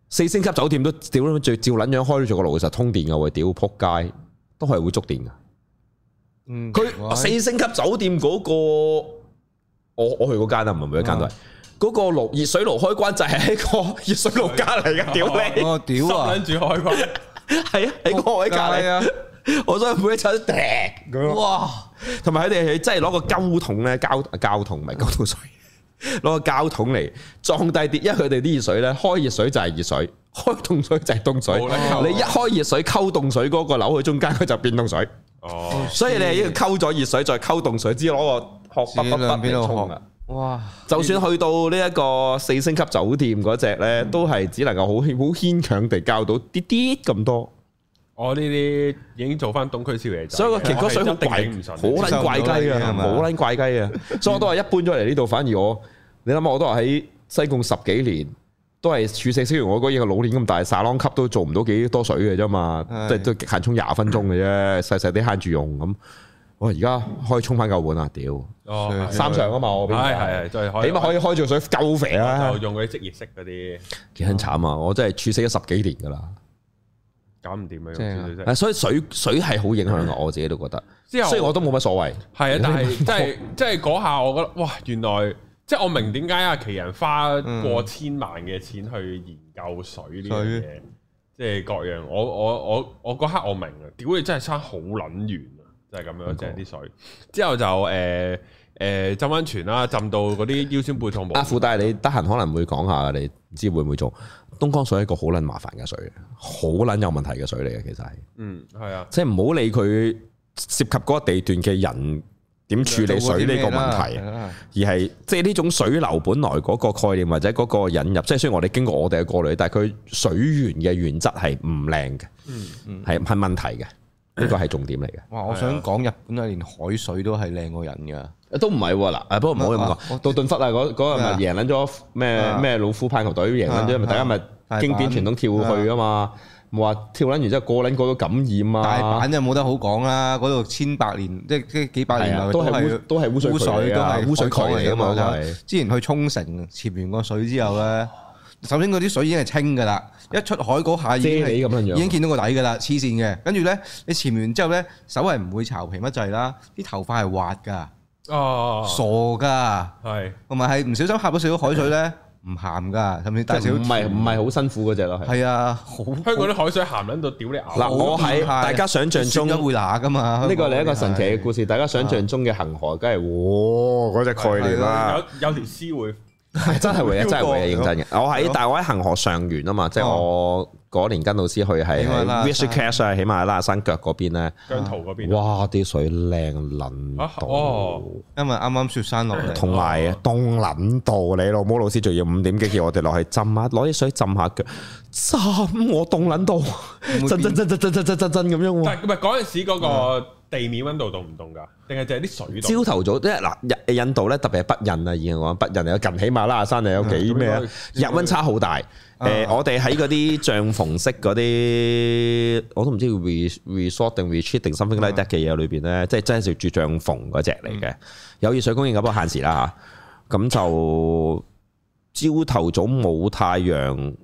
四星級酒店都屌最照撚樣開住個爐其實通電嘅喎，屌撲街都係會觸電嘅。嗯，佢他喂四星級酒店嗰，那個我我去嗰間啊，唔係每一間都係。嗯嗰個爐熱水爐開關就係喺個熱水爐隔籬噶，屌你！我屌啊！跟住開關係啊，喺個位隔籬啊，我所以每一場掟咁。哇！同埋佢哋係真係攞個膠桶咧，膠膠桶唔係膠桶水，攞個膠桶嚟裝低啲。因為佢哋啲熱水咧，開熱水就係熱水，開凍水就係凍水。你一開熱水溝凍水嗰個鈕去中間，佢就變凍水。哦，所以你係要溝咗熱水再溝凍水，先攞個殼不不不嚟沖噶。哇！就算去到呢一個四星級酒店嗰隻呢，都係只能夠好好牽強地教到啲啲咁多。我呢啲已經做翻東區宵夜，所以我其他水好頂好撚怪雞啊。好撚怪雞嘅。所以我都係一搬咗嚟呢度，反而我你諗啊，我都係喺西貢十幾年，都係處世燒完，我嗰個老年咁大，salon 級都做唔到幾多水嘅啫嘛，即係都都限沖廿分鐘嘅啫，細細啲慳住用咁。我而家可以沖返嚿碗啊！屌，三上啊嘛，我俾你，起碼可以開住水夠肥啦。用嗰啲職業式嗰啲，幾慘啊！我真係處死咗十幾年噶啦，搞唔掂啊！所以水水係好影響我自己都覺得，雖然我都冇乜所謂。係啊，但係即係即係嗰下，我覺得哇！原來即係我明點解阿奇人花過千萬嘅錢去研究水呢樣嘢，即係各樣。我我我我嗰刻我明啊！屌你真係生好撚完。就係咁樣，整啲水之後就誒誒、呃呃、浸溫泉啦，浸到嗰啲腰酸背痛。冇阿、啊、富，但係你得閒可能會講下，你唔知會唔會做東江水係一個好撚麻煩嘅水，好撚有問題嘅水嚟嘅，其實係嗯係啊，即係唔好理佢涉及嗰個地段嘅人點處理水呢個問題，嗯啊啊、而係即係呢種水流本來嗰個概念或者嗰個引入，即係雖然我哋經過我哋嘅過濾，但係佢水源嘅原則係唔靚嘅，嗯嗯，係係問題嘅。呢個係重點嚟嘅。哇！我想講日本啊，連海水都係靚過人㗎。都唔係喎嗱，不過唔好咁講。道頓堀啊，嗰日咪贏撚咗咩咩老虎棒球隊贏撚咗，的大家咪經典傳統跳去啊嘛。冇話的跳撚完之後個撚個都感染啊。大阪真係冇得好講啦，嗰度千百年即係幾百年嚟都係都係污水水都係污水渠嚟㗎嘛。就之前去沖繩潛完個水之後咧。 首先嗰啲水已經係清㗎啦，一出海嗰下已經係已經見到個底㗎啦，黐線嘅。跟住咧，你潛完之後咧，手係唔會巢皮乜滯啦，啲頭髮係滑㗎，傻㗎，係同埋係唔小心吸咗少少海水咧，唔鹹㗎，甚至大小唔係唔係好辛苦嗰隻咯，係啊，香港啲海水鹹撚度屌你嗱，我喺大家想象中會乸㗎嘛，呢個係一個神奇嘅故事。大家想象中嘅行海，梗係哇嗰隻概念啦，有有條絲係真係會嘅，真係會嘅，認真嘅。我喺，但係我喺恒河上源啊嘛，即係我嗰年跟老師去喺 Rishikesh 啊，喜馬拉雅山腳嗰邊咧，江圖嗰邊，哇啲水靚捻到，因為啱啱雪山落嚟，同埋凍捻到你老母，老師仲要五點幾叫我哋落去浸下，攞啲水浸下腳，浸我凍捻到，浸浸浸浸浸浸浸浸咁樣。但係唔係嗰陣時嗰個。地面溫度凍唔凍㗎？定係就係啲水？朝頭早即係嗱，印印度咧，特別係北印啊，以前講北印有近喜馬拉雅山，係有幾咩啊？嗯嗯嗯、日溫差好大。誒、嗯嗯呃，我哋喺嗰啲帳篷式嗰啲，我都唔知 re-resort 定 retreat 定 something like that 嘅嘢裏邊咧，即係、嗯、真係住帳篷嗰隻嚟嘅。嗯、有熱水供應嗰波限時啦嚇，咁就朝頭早冇太陽。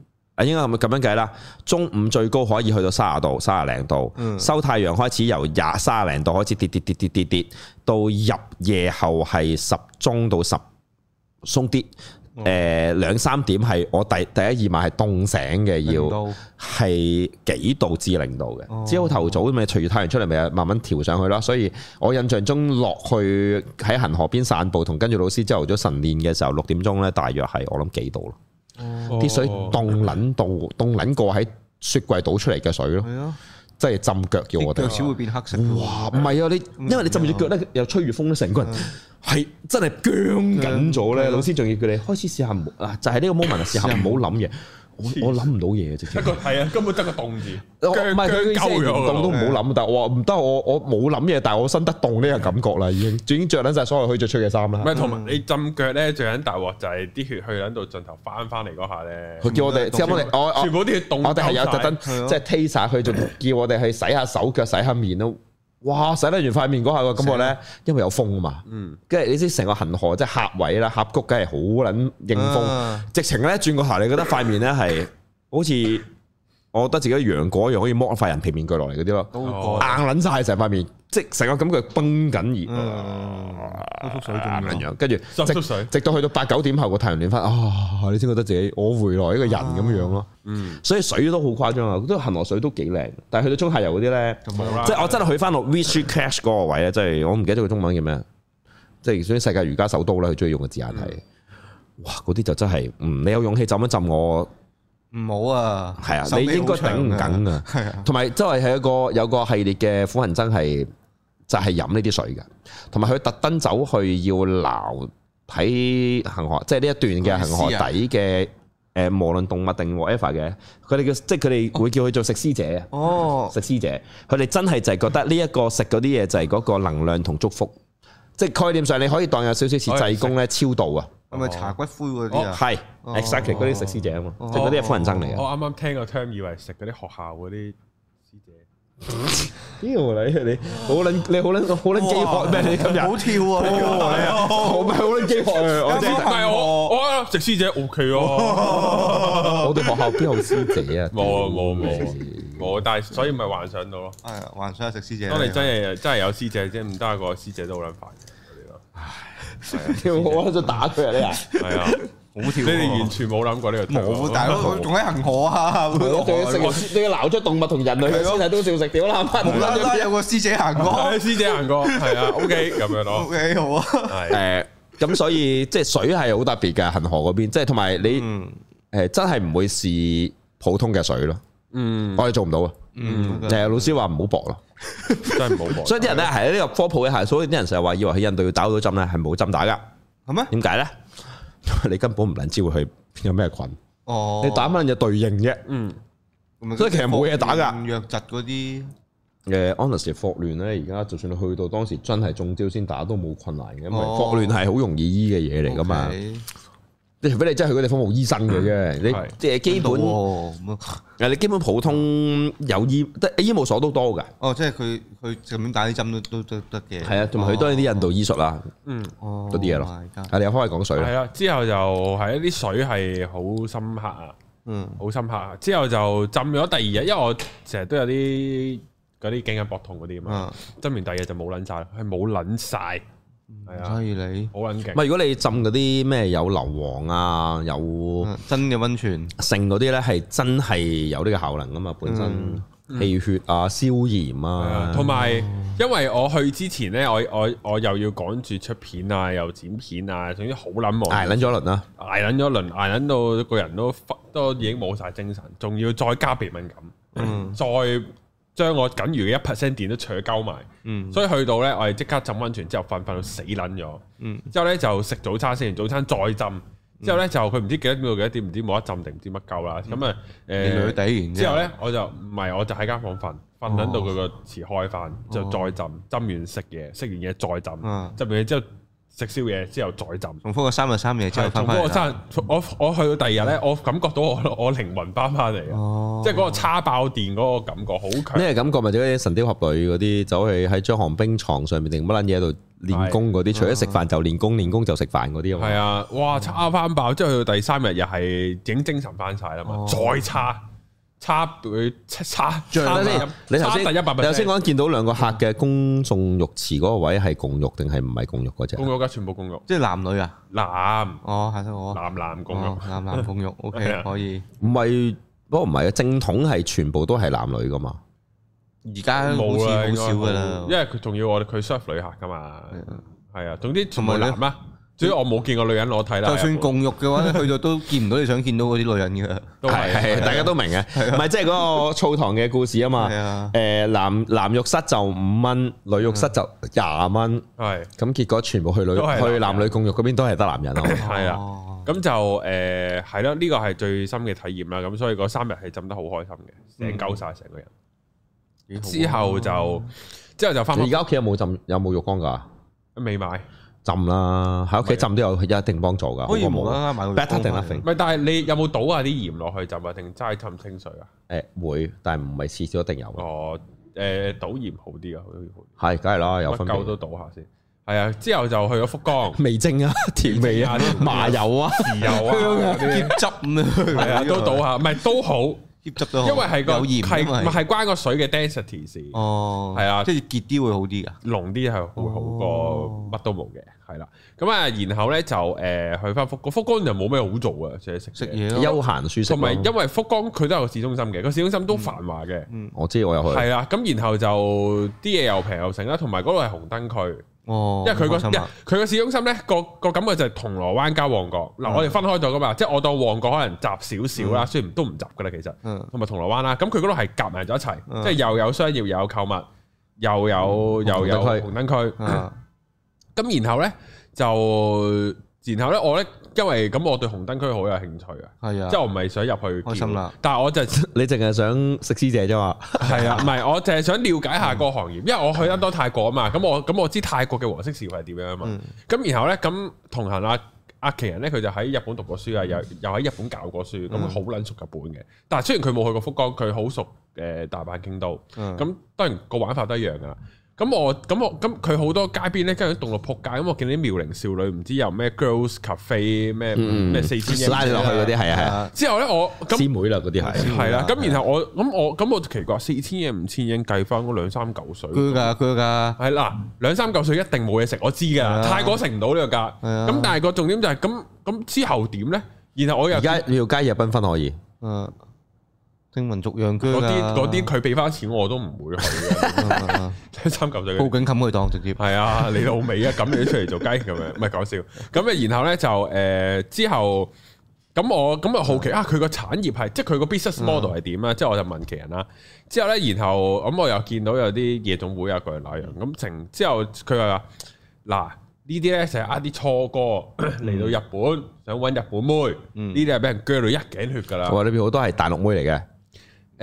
應該係咪咁樣計啦，中午最高可以去到三十度，三十零度，嗯、收太陽開始由廿三十零度開始跌跌跌跌跌跌跌，到入夜後係十鐘到十鬆啲，誒兩三點係我第一第一二晚係凍醒嘅，要係幾度至零度嘅，朝頭、哦、早咪啊隨住太陽出嚟咪慢慢調上去啦，所以我印象中落去喺恆河邊散步同跟住老師朝頭早晨練嘅時候六點鐘呢，大約係我諗幾度咯。啲噢水凍捻到，凍捻過喺雪櫃倒出嚟嘅水咯，嗎即係浸腳叫我哋，腳趾會變黑色。哇！唔係啊，你因為你浸住腳咧，又吹住風咧，成個人係真係僵緊咗咧。嗎老師仲要叫你開始試下，啊就係、是、呢個 moment 試下唔好諗嘢。 我我諗唔到嘢啫，不過係啊，根本得個凍字，唔係佢夠完凍都唔好諗。但係我話唔得，我我冇諗嘢，但係我身得凍呢個感覺啦，已經最緊着緊晒所有可以着出嘅衫啦。唔係，同埋你浸腳咧，着緊大鑊就係啲血去到盡頭翻翻嚟嗰下咧。佢叫我哋之後我哋我全部啲血凍，我哋係有特登即係踢晒佢，仲叫我哋去洗下手腳、洗下面咯。哇！洗得完塊面嗰下感覺呢，因為有風嘛，跟住、嗯、你知成個恒河即係峽位啦、峽谷，梗係好撚應風，啊、直情咧轉個頭，你覺得塊面咧係好似～我覺得自己楊過一樣可以剝一塊人皮面具落嚟嗰啲咯，哦、硬撚晒成塊面，即係成個感覺係崩緊熱。嗯、水咁樣樣，跟住即直，直到去到八九點後個太陽暖翻，啊、哦，你先覺得自己我回來一個人咁、嗯、樣樣咯。所以水都好誇張啊，都恆河水都幾靚，但係去到中下游嗰啲咧，即係、嗯嗯、我真係去翻落 wish cash 嗰個位啊，即係、嗯嗯、我唔記得咗個中文叫咩，即係屬於世界瑜伽首都啦，佢鍾意用嘅字眼係，哇、嗯！嗰啲就真係，你有勇氣浸一浸我。唔好啊，係啊，你應該頂唔緊啊，係啊，同埋周圍係一個有個系列嘅苦行僧係就係飲呢啲水嘅，同埋佢特登走去要留喺恒河，即係呢一段嘅恒河底嘅誒，啊、無論動物定 whatever 嘅，佢哋嘅即係佢哋會叫佢做食屍者啊，食屍者，佢哋、哦、真係就係覺得呢一個食嗰啲嘢就係嗰個能量同祝福。即概念上，你可以當有少少似濟公咧，超度啊！係咪茶骨灰嗰啲啊？係，exactly 嗰啲食師姐啊嘛，即係嗰啲係富人憎嚟嘅。我啱啱聽個 term 以為食嗰啲學校嗰啲師姐，屌你！你好撚你好撚好撚饑渴咩？你今日好跳啊！我唔好撚饑渴。但係我我食師姐 OK 啊！我哋學校邊有師姐啊？冇冇冇冇！但係所以咪幻想到咯。係幻想食師姐。當你真係真係有師姐啫，唔得啊！個師姐都好撚煩。唉，我喺度打佢啊！你啊，好跳。你哋完全冇諗過呢個，冇大佬仲喺恆河啊！我仲要食，你要撈出動物同人類嘅屍體都照食屌啦！冇啦，都係有個師姐行過，師姐行過，係啊，OK，咁樣咯，OK，好啊，誒，咁所以即係水係好特別嘅恆河嗰邊，即係同埋你誒，真係唔會試普通嘅水咯，嗯，我哋做唔到啊，嗯，就係老師話唔好搏咯。 真係冇，所以啲人咧係呢個科普嘅係，所以啲人成日話以為去印度要打到多針咧，係冇針打噶，係咩嗎？點解咧？因為你根本唔能知會佢有咩菌，哦，你打唔到就對應嘅，嗯，所以其實冇嘢打噶。瘧疾嗰啲誒，安樂氏霍亂咧，而家就算你去到當時真係中招先打都冇困難嘅，因為霍亂係好容易醫嘅嘢嚟噶嘛。哦 okay. 你除非你真係去嗰地方做醫生嘅啫，嗯、你即係基本，誒、哦，你基本普通有醫，得醫務所都多㗎。哦，即係佢佢咁樣打啲針都都都得嘅。係啊，同埋佢都係啲印度醫術啦。嗯、哦，嗰啲嘢咯，係你、哦、又開嚟講水啦。之後就係一啲水係好深刻啊，嗯，好深刻啊。之後就、嗯、之後就浸咗第二日，因為我成日都有啲嗰啲頸緊膊痛嗰啲啊嘛，浸、嗯、完第二日就冇撚晒，係冇撚晒。係啊，所以你好撚勁，唔係如果你浸嗰啲咩有硫磺啊，有真嘅溫泉剩嗰啲咧，係真係有呢個效能噶嘛，本身氣血啊、消炎啊，同埋因為我去之前咧，我我我又要趕住出片啊，又剪片啊，總之好撚忙。挨撚咗一輪啊，挨撚咗一輪，挨撚到個人都都已經冇晒精神，仲要再加鼻敏感，再。將我僅餘嘅一 percent 電都除咗鳩埋，嗯、所以去到咧，我哋即刻浸溫泉之後瞓瞓到死撚咗，嗯、之後咧就食早餐先，食完早餐再浸，嗯、之後咧就佢唔知幾多秒幾多點唔知冇得浸定唔知乜鳩啦，咁啊誒，之後咧我就唔係我就喺間房瞓瞓撚到佢個池開翻就再浸，浸完食嘢，食完嘢再浸，浸完之後。食宵夜之後再浸，重複個三日三夜之後跳翻。嗯、我真係我去到第二日咧，嗯、我感覺到我我靈魂翻翻嚟啊！哦、即係嗰個叉爆電嗰個感覺好強。咩感覺？咪就嗰神雕俠侶嗰啲，走去喺張寒冰床上面定乜撚嘢喺度練功嗰啲，是除咗食飯就練功，啊、練功就食飯嗰啲咁係啊，哇！叉翻爆，之後去到第三日又係整精神翻晒啦嘛，哦、再叉。插佢插張，你頭先第一百，頭先我見到兩個客嘅公眾浴池嗰個位係共浴定係唔係共浴嗰隻？共浴嘅全部共浴，即係男女啊？男？哦，係啊，我男男共浴，哦，男男共浴 ，OK 可以。唔係，不過唔係啊，正統係全部都係男女噶嘛。而家冇啊，好少噶啦，因為佢仲要我哋佢 serve 女客噶嘛。係，嗯，啊，係總之同埋男咩？所以我冇見過女人裸體啦。就算共浴嘅話，去到都見唔到你想見到嗰啲女人嘅。係，係，大家都明嘅。唔係，即係嗰個澡堂嘅故事啊嘛。誒，男男浴室就五蚊，女浴室就廿蚊。係。咁結果全部去女去男女共浴嗰邊都係得男人啊。係啊。咁就誒係咯，呢個係最深嘅體驗啦。咁所以嗰三日係浸得好開心嘅，成鳩曬成個人。之後就之後就返屋企。你而家屋企有冇浸有冇浴缸噶？未買。浸啦，喺屋企浸都有一定幫助噶。好似無啦啦買個 better 定唔係，但係你有冇倒下啲鹽落去浸啊，定齋浸清水啊？誒會，但係唔係次次一定有哦，誒倒鹽好啲啊，好梗係啦，有分別。乜鳩都倒下先。係啊，之後就去咗福岡味精啊、甜味啊、麻油啊、豉油啊、醃汁咁啊，都倒下。唔係都好，醃汁都好。因為係個鹽係唔係關個水嘅 density 事？哦，係啊，即係結啲會好啲㗎，濃啲係會好過乜都冇嘅。係啦，咁啊，然後咧就誒去翻福岡，福岡就冇咩好做啊，即係食食嘢，休閒舒適。同埋因為福岡佢都有個市中心嘅，個市中心都繁華嘅。我知我有去。係啦，咁然後就啲嘢又平又正啦，同埋嗰度係紅燈區。哦，因為佢個佢個市中心咧，個個感覺就係銅鑼灣加旺角。嗱，我哋分開咗噶嘛，即係我當旺角可能集少少啦，雖然都唔集噶啦，其實。嗯。同埋銅鑼灣啦，咁佢嗰度係夾埋咗一齊，即係又有商業又有購物，又有又有紅燈區。咁然後咧就，然後咧我咧，因為咁我對紅燈區好有興趣啊，係啊，即係我唔係想入去，開心啦。但係我就你淨係想食師姐啫嘛，係啊，唔係我淨係想了解下個行業，因為我去得多泰國啊嘛，咁我咁我知泰國嘅黃色事業係點樣啊嘛。咁然後咧，咁同行阿阿奇人咧，佢就喺日本讀過書啊，又又喺日本教過書，咁好撚熟日本嘅。但係雖然佢冇去過福岡，佢好熟誒大阪、京都，咁當然個玩法都一樣噶。咁我咁我咁佢好多街邊咧，跟住一棟落撲街。咁我見啲妙齡少女，唔知有咩 Girls Cafe 咩咩四千嘢拉你落去嗰啲，係啊係啊。之後咧我師妹啦嗰啲，係係啦。咁然後我咁我咁我奇怪，四千嘢五千已經計翻嗰兩三嚿水。佢㗎佢㗎。係嗱，兩三嚿水一定冇嘢食，我知㗎，太過食唔到呢個價。咁但係個重點就係咁咁之後點咧？然後我又而家要加熱賓分可以。聽聞逐羊嗰啲啲佢俾翻錢我都唔會去嘅，三嚿水報警冚佢當直接係啊，你老味啊，咁你出嚟做雞咁樣，唔係講笑。咁啊然後咧就誒、呃、之後咁我咁啊好奇啊佢個產業係即係佢個 business model 係點啊？嗯、之後我就問其他人啦。之後咧然後咁、嗯、我又見到有啲夜總會啊佢各樣咁情之後佢又話嗱呢啲咧成日呃啲初哥嚟到日本、嗯、想搵日本妹，呢啲係俾人鋸到一頸血噶啦。裡邊好多係大陸妹嚟嘅。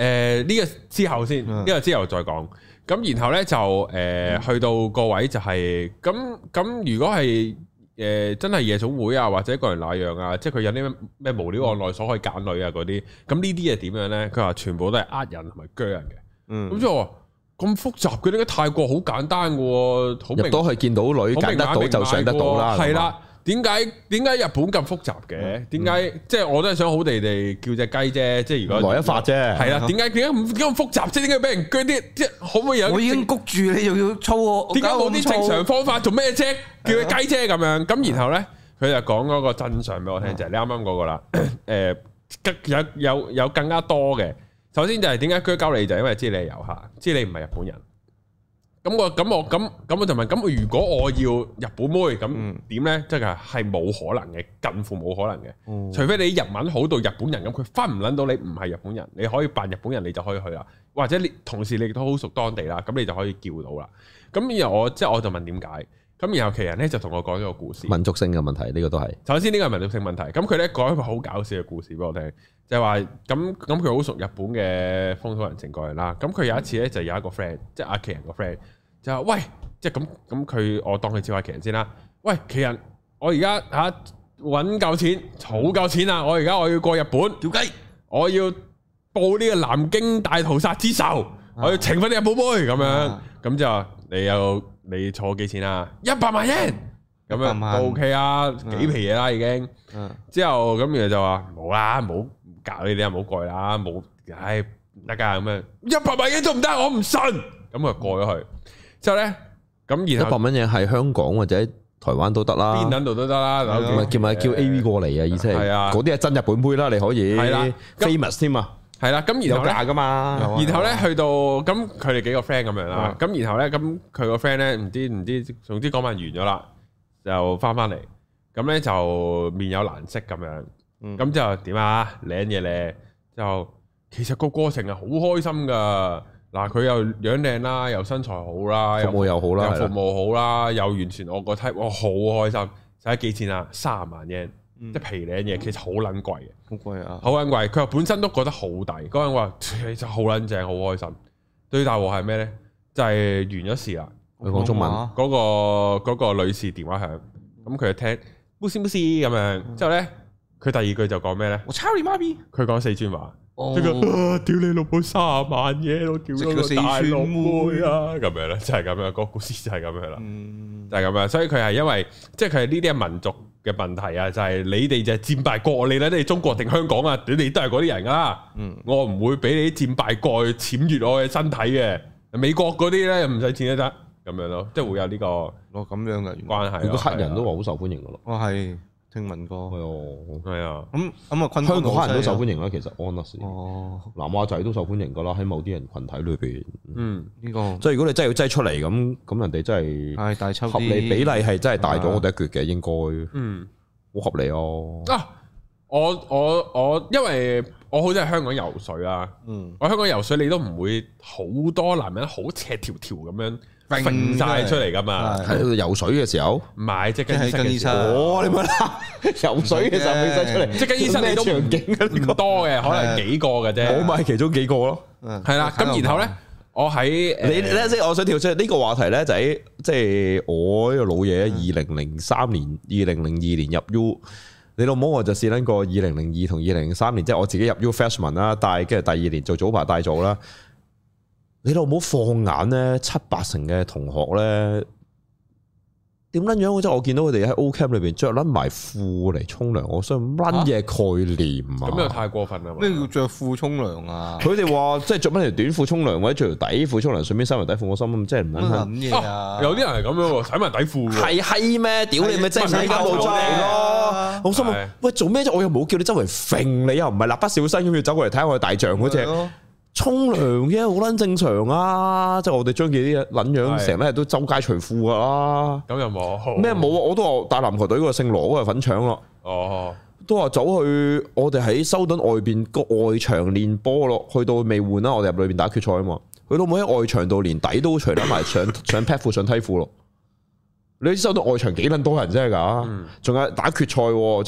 誒呢、呃這個之後先，呢、這個之後再講。咁、嗯、然後咧就誒、呃嗯、去到個位就係咁咁。嗯嗯、如果係誒、呃、真係夜總會啊，或者個人那樣啊，即係佢有啲咩咩無料案內所可以揀女啊嗰啲，咁呢啲係點樣咧？佢話全部都係呃人同埋鋸人嘅。嗯，咁即係咁複雜嘅呢個泰國好簡單嘅喎、啊，好多去見到女揀得到明就上得到啦，係啦的。點解點解日本咁複雜嘅？點解、嗯、即係我都係想好地地叫隻雞啫，即係如果來一發啫，係啦。點解點解咁咁複雜啫？點解俾人鋸啲即係可唔可以有？我已經谷住你，又要操，點解冇啲正常方法做咩啫？叫隻雞啫咁樣。咁然後咧，佢就講嗰個真相俾我聽就係、是、你啱啱嗰個啦。誒、呃，有有有更加多嘅。首先就係點解鋸鳩你就係、是、因為知你係遊客，知你唔係日本人。咁我咁我咁咁我就問，咁如果我要日本妹咁點呢？嗯、即係係冇可能嘅，近乎冇可能嘅。嗯、除非你日文好到日本人咁，佢分唔撚到你唔係日本人，你可以扮日本人，你就可以去啦。或者你同時你亦都好熟當地啦，咁你就可以叫到啦。咁然後我即係我就問點解？咁然後奇人咧就同我講咗個故事，民族性嘅問題呢、這個都係。首先呢、這個係民族性問題，咁佢咧講一個好搞笑嘅故事俾我聽，就係話咁咁佢好熟日本嘅風土人情過嚟啦。咁佢有一次咧就有一個 friend，即係阿奇人個 friend，就話喂，即係咁咁佢我當佢做阿奇人先啦。喂奇人，我而家嚇揾夠錢，好夠錢啦！我而家我要過日本，屌雞！我要報呢個南京大屠殺之仇，我要懲罰你日本妹咁樣，咁就、啊。啊你有你坐幾錢啊？一百萬 yen 咁啊，O K 啦，幾皮嘢啦已經。之後咁然後就話冇啦，唔好唔搞呢啲，唔好蓋啦，冇，唉唔得噶咁樣。一百萬 yen 都唔得，我唔信。咁啊過咗去。之後咧咁而一百蚊嘢喺香港或者台灣都得啦，邊度都得啦。唔係叫咪叫 A V 過嚟啊？意思係，嗰啲係真日本妹啦，你可以。係啦，famous 嘛。係啦，咁然後打噶嘛，然後咧去到咁佢哋幾個 friend 咁樣啦，咁吧然後咧咁佢個 friend 咧唔知唔知，總之講話完咗啦，就翻翻嚟，咁咧就面有難色咁樣，咁之、嗯、後點啊，靚嘢咧，就其實個過程係好開心㗎，嗱佢又樣靚啦，又身材好啦，服務又好啦，又服務好啦，的又完全我個 type，我好開心，使幾錢啊？三萬 yen 即係皮靚嘢，其實好撚貴嘅，好貴啊，好撚貴。佢話本身都覺得好抵，嗰陣話就好撚正，好開心。對大鑊係咩咧？就係完咗事啦。佢講中文，嗰個女士電話響，咁佢就聽，唔知唔知咁樣。之後咧，佢第二句就講咩咧？我操你媽咪。佢講四川話，即係屌你老母卅萬嘢，我屌你大佬妹啊，咁樣咧，就係咁樣。個故事就係咁樣啦，就係咁樣。所以佢係因為即係佢係呢啲民族。嘅問題啊，就係、是、你哋就係戰敗國，你咧都係中國定香港啊，嗯、你哋都係嗰啲人噶啦。我唔會俾你啲戰敗國僭越我嘅身體嘅。美國嗰啲咧唔使錢都得，咁樣咯，即係會有呢個、啊。哦，咁樣嘅關係。如果黑人都話好受歡迎嘅咯。哦、啊，係、啊。聽聞過，係哦，係啊，咁咁啊，香港人都受歡迎啦，其實安德仕，南亞仔都受歡迎噶啦，喺某啲人群體裏邊，嗯，呢個，即係、嗯這個、如果你真係要擠出嚟咁，咁人哋真係，係大抽啲，比例係真係大咗我第一橛嘅，應該，嗯，好合理哦、啊。啊，我我我，因為我好似喺香港游水啊。嗯，我香港游水，你都唔會好多男人好赤條條咁樣。噴晒出嚟噶嘛？喺游水嘅時候，唔係即係跟醫生。你冇啦，游水嘅時候起身出嚟，即係醫生你都唔驚多嘅，可能幾個嘅啫。我咪其中幾個咯。係啦，咁然後咧，我喺你咧，即係我想跳出呢個話題咧，就喺即係我呢個老爺，二零零三年、二零零二年入 U。你老母我就試撚過，二零零二同二零零三年，即係我自己入 U freshman 啦，但係跟住第二年做早排帶組啦。你老母放眼咧，七八成嘅同學咧，點捻樣？即係我見到佢哋喺 O cam 裏邊着捻埋褲嚟沖涼，我想捻嘢概念啊！咁又太過分啦！咩叫着褲沖涼啊？佢哋話即係着乜條短褲沖涼，或者着條底褲沖涼，順便收埋底褲。我心諗即係唔捻咁嘢啊！有啲人係咁樣喎，洗埋底褲係嘿咩？屌你咪真係搞冇齋咯！我心喂做咩啫？我又冇叫你周圍揈你，又唔係蠟筆小新咁要走過嚟睇下我大象嗰隻。沖涼嘅好撚正常啊！即係我哋張傑啲撚樣成日都周街除褲噶啦。咁又冇咩冇啊？我都話大籃球隊嗰個姓羅嗰個粉腸咯。哦，好好都話走去我哋喺修頓外邊個外場練波咯，去到未換啦，我哋入裏邊打決賽啊嘛。佢都冇喺外場度連底都除甩埋上上 pet 褲 上，上梯褲咯。你收到外場幾捻多，多人真係噶，仲有打決賽，即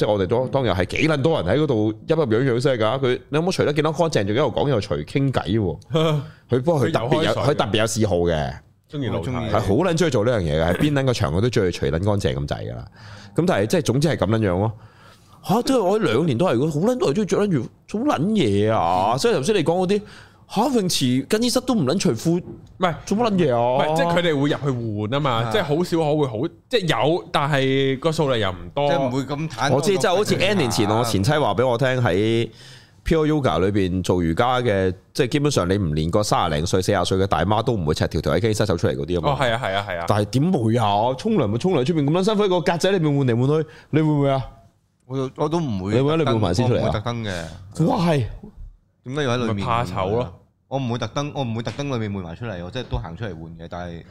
係我哋咗當日係幾捻多人喺嗰度一粒樣樣真係噶。佢你有冇除得幾多乾淨？仲喺度講又除傾偈，佢、啊、不過佢特別有佢特別有嗜好嘅，中意露台係好捻中意做呢樣嘢嘅，喺邊捻個場我都中意除捻乾淨咁滯噶啦。咁但係即係總之係咁捻樣咯。吓、啊，即係我兩年都係，好捻都係中意着捻住種撚嘢啊。所以頭先你講嗰啲。嚇泳池更衣室都唔撚除褲，唔係是做乜撚嘢啊？唔係即係佢哋會入去換啊嘛，的即係好少可會好，即係有，但係個數量又唔多，即係唔會咁坦多多。我知即係好似 N 年前我前妻話俾我聽喺 Pure Yoga 裏邊做瑜伽嘅，即係基本上你唔練個卅零歲四廿歲嘅大媽都唔會赤條條喺更衣室走出嚟嗰啲啊嘛。哦，係啊，係啊，係啊，但係點會啊？沖涼咪沖涼出邊咁樣辛苦，喺、個格仔裏邊換嚟換去，你會唔會啊？我我都唔會，會，會。你會喺裏邊埋先出嚟我特登嘅，會會哇係，點解要喺裏面？怕醜咯～我唔會特登，我唔會特登裏面換埋出嚟，我即係都行出嚟換嘅。但係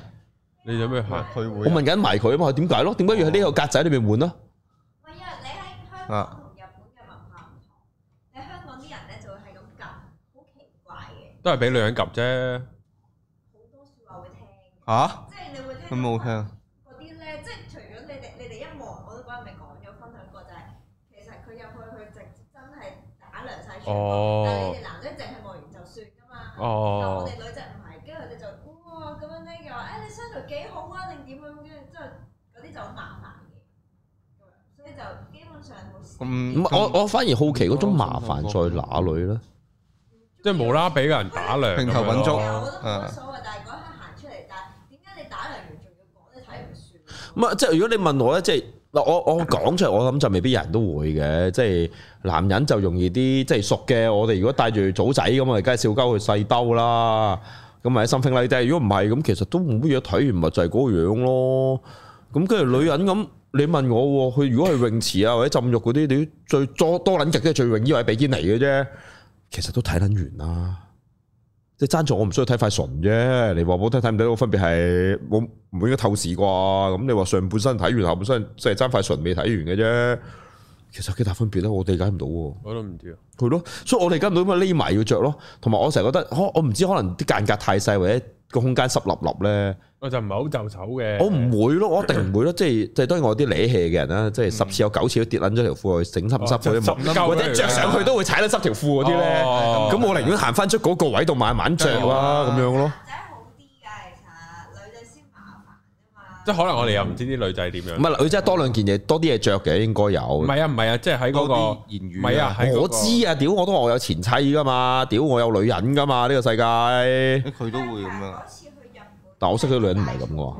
你有咩聚會？我問緊埋佢啊嘛？點解咯？點解要喺呢個格仔裏面換呢？係啊，你喺香港同日本嘅文化唔同，你香港啲人咧就會係咁 𥄫，好奇怪嘅。都係俾兩 𥄫 啫。好多說話會聽。嚇？即係你會聽。佢冇聽。嗰啲咧，即係除咗你哋，你哋一望我都嗰日咪講咗分享過就係，其實佢入去佢直接真係打量曬全部。哦。哦，哦，我哋女仔唔係，跟住佢哋就哇咁樣咧，又誒你身材幾好啊，定點樣，啊？跟住真係有啲就好麻煩嘅，所以就基本上咁。嗯、我我反而好奇嗰種麻煩在哪裏咧？即係無啦啦俾人打量，為評頭品足，嗯、我覺得冇所謂。但係嗰一刻行出嚟，是的 但係點解你打量完仲要講？你睇唔算。咁啊、嗯，即係如果你問我咧，即係。嗱，我我講出嚟，我諗就未必有人都會嘅，即係男人就容易啲，即係熟嘅。我哋如果帶住組仔咁啊，梗係笑鳩佢細兜啦。咁埋 something like that，如果唔係，咁其實都冇乜嘢睇，完咪就係嗰個樣咯。咁跟住女人咁，你問我，佢如果係泳池啊或者浸浴嗰啲，你最多多撚極都係最泳衣位比堅尼嘅啫。其實都睇撚完啦。即係爭在，我唔需要睇塊唇啫。你話我睇睇唔睇到分別係冇唔會應該透視啩？咁你話上半身睇完，下半身即係爭塊唇未睇完嘅啫。其實有幾大分別咧？我理解唔到。我都唔知。佢咯，所以我哋今日咁啊匿埋要着咯。同埋我成日覺得，我我唔知可能啲間隔太細，或者個空間濕立立咧。我就唔係好就醜嘅，我唔會咯，我一定唔會咯，即係即係當然我啲理氣嘅人啦，即係十次有九次都跌捻咗條褲去整濕濕佢，濕唔夠啊！嗰啲着上去都會踩得濕條褲嗰啲咧，咁我寧願行翻出嗰個位度慢慢着啦，咁樣咯。仔好啲噶其實，女仔先麻煩嘛。即係可能我哋又唔知啲女仔點樣。唔係女仔多兩件嘢，多啲嘢着嘅應該有。唔係啊，唔係啊，即係喺嗰個言語。唔係啊，我知啊，屌我都話我有前妻噶嘛，屌我有女人噶嘛，呢個世界。佢都會咁樣。但我識嗰女人唔係咁嘅喎。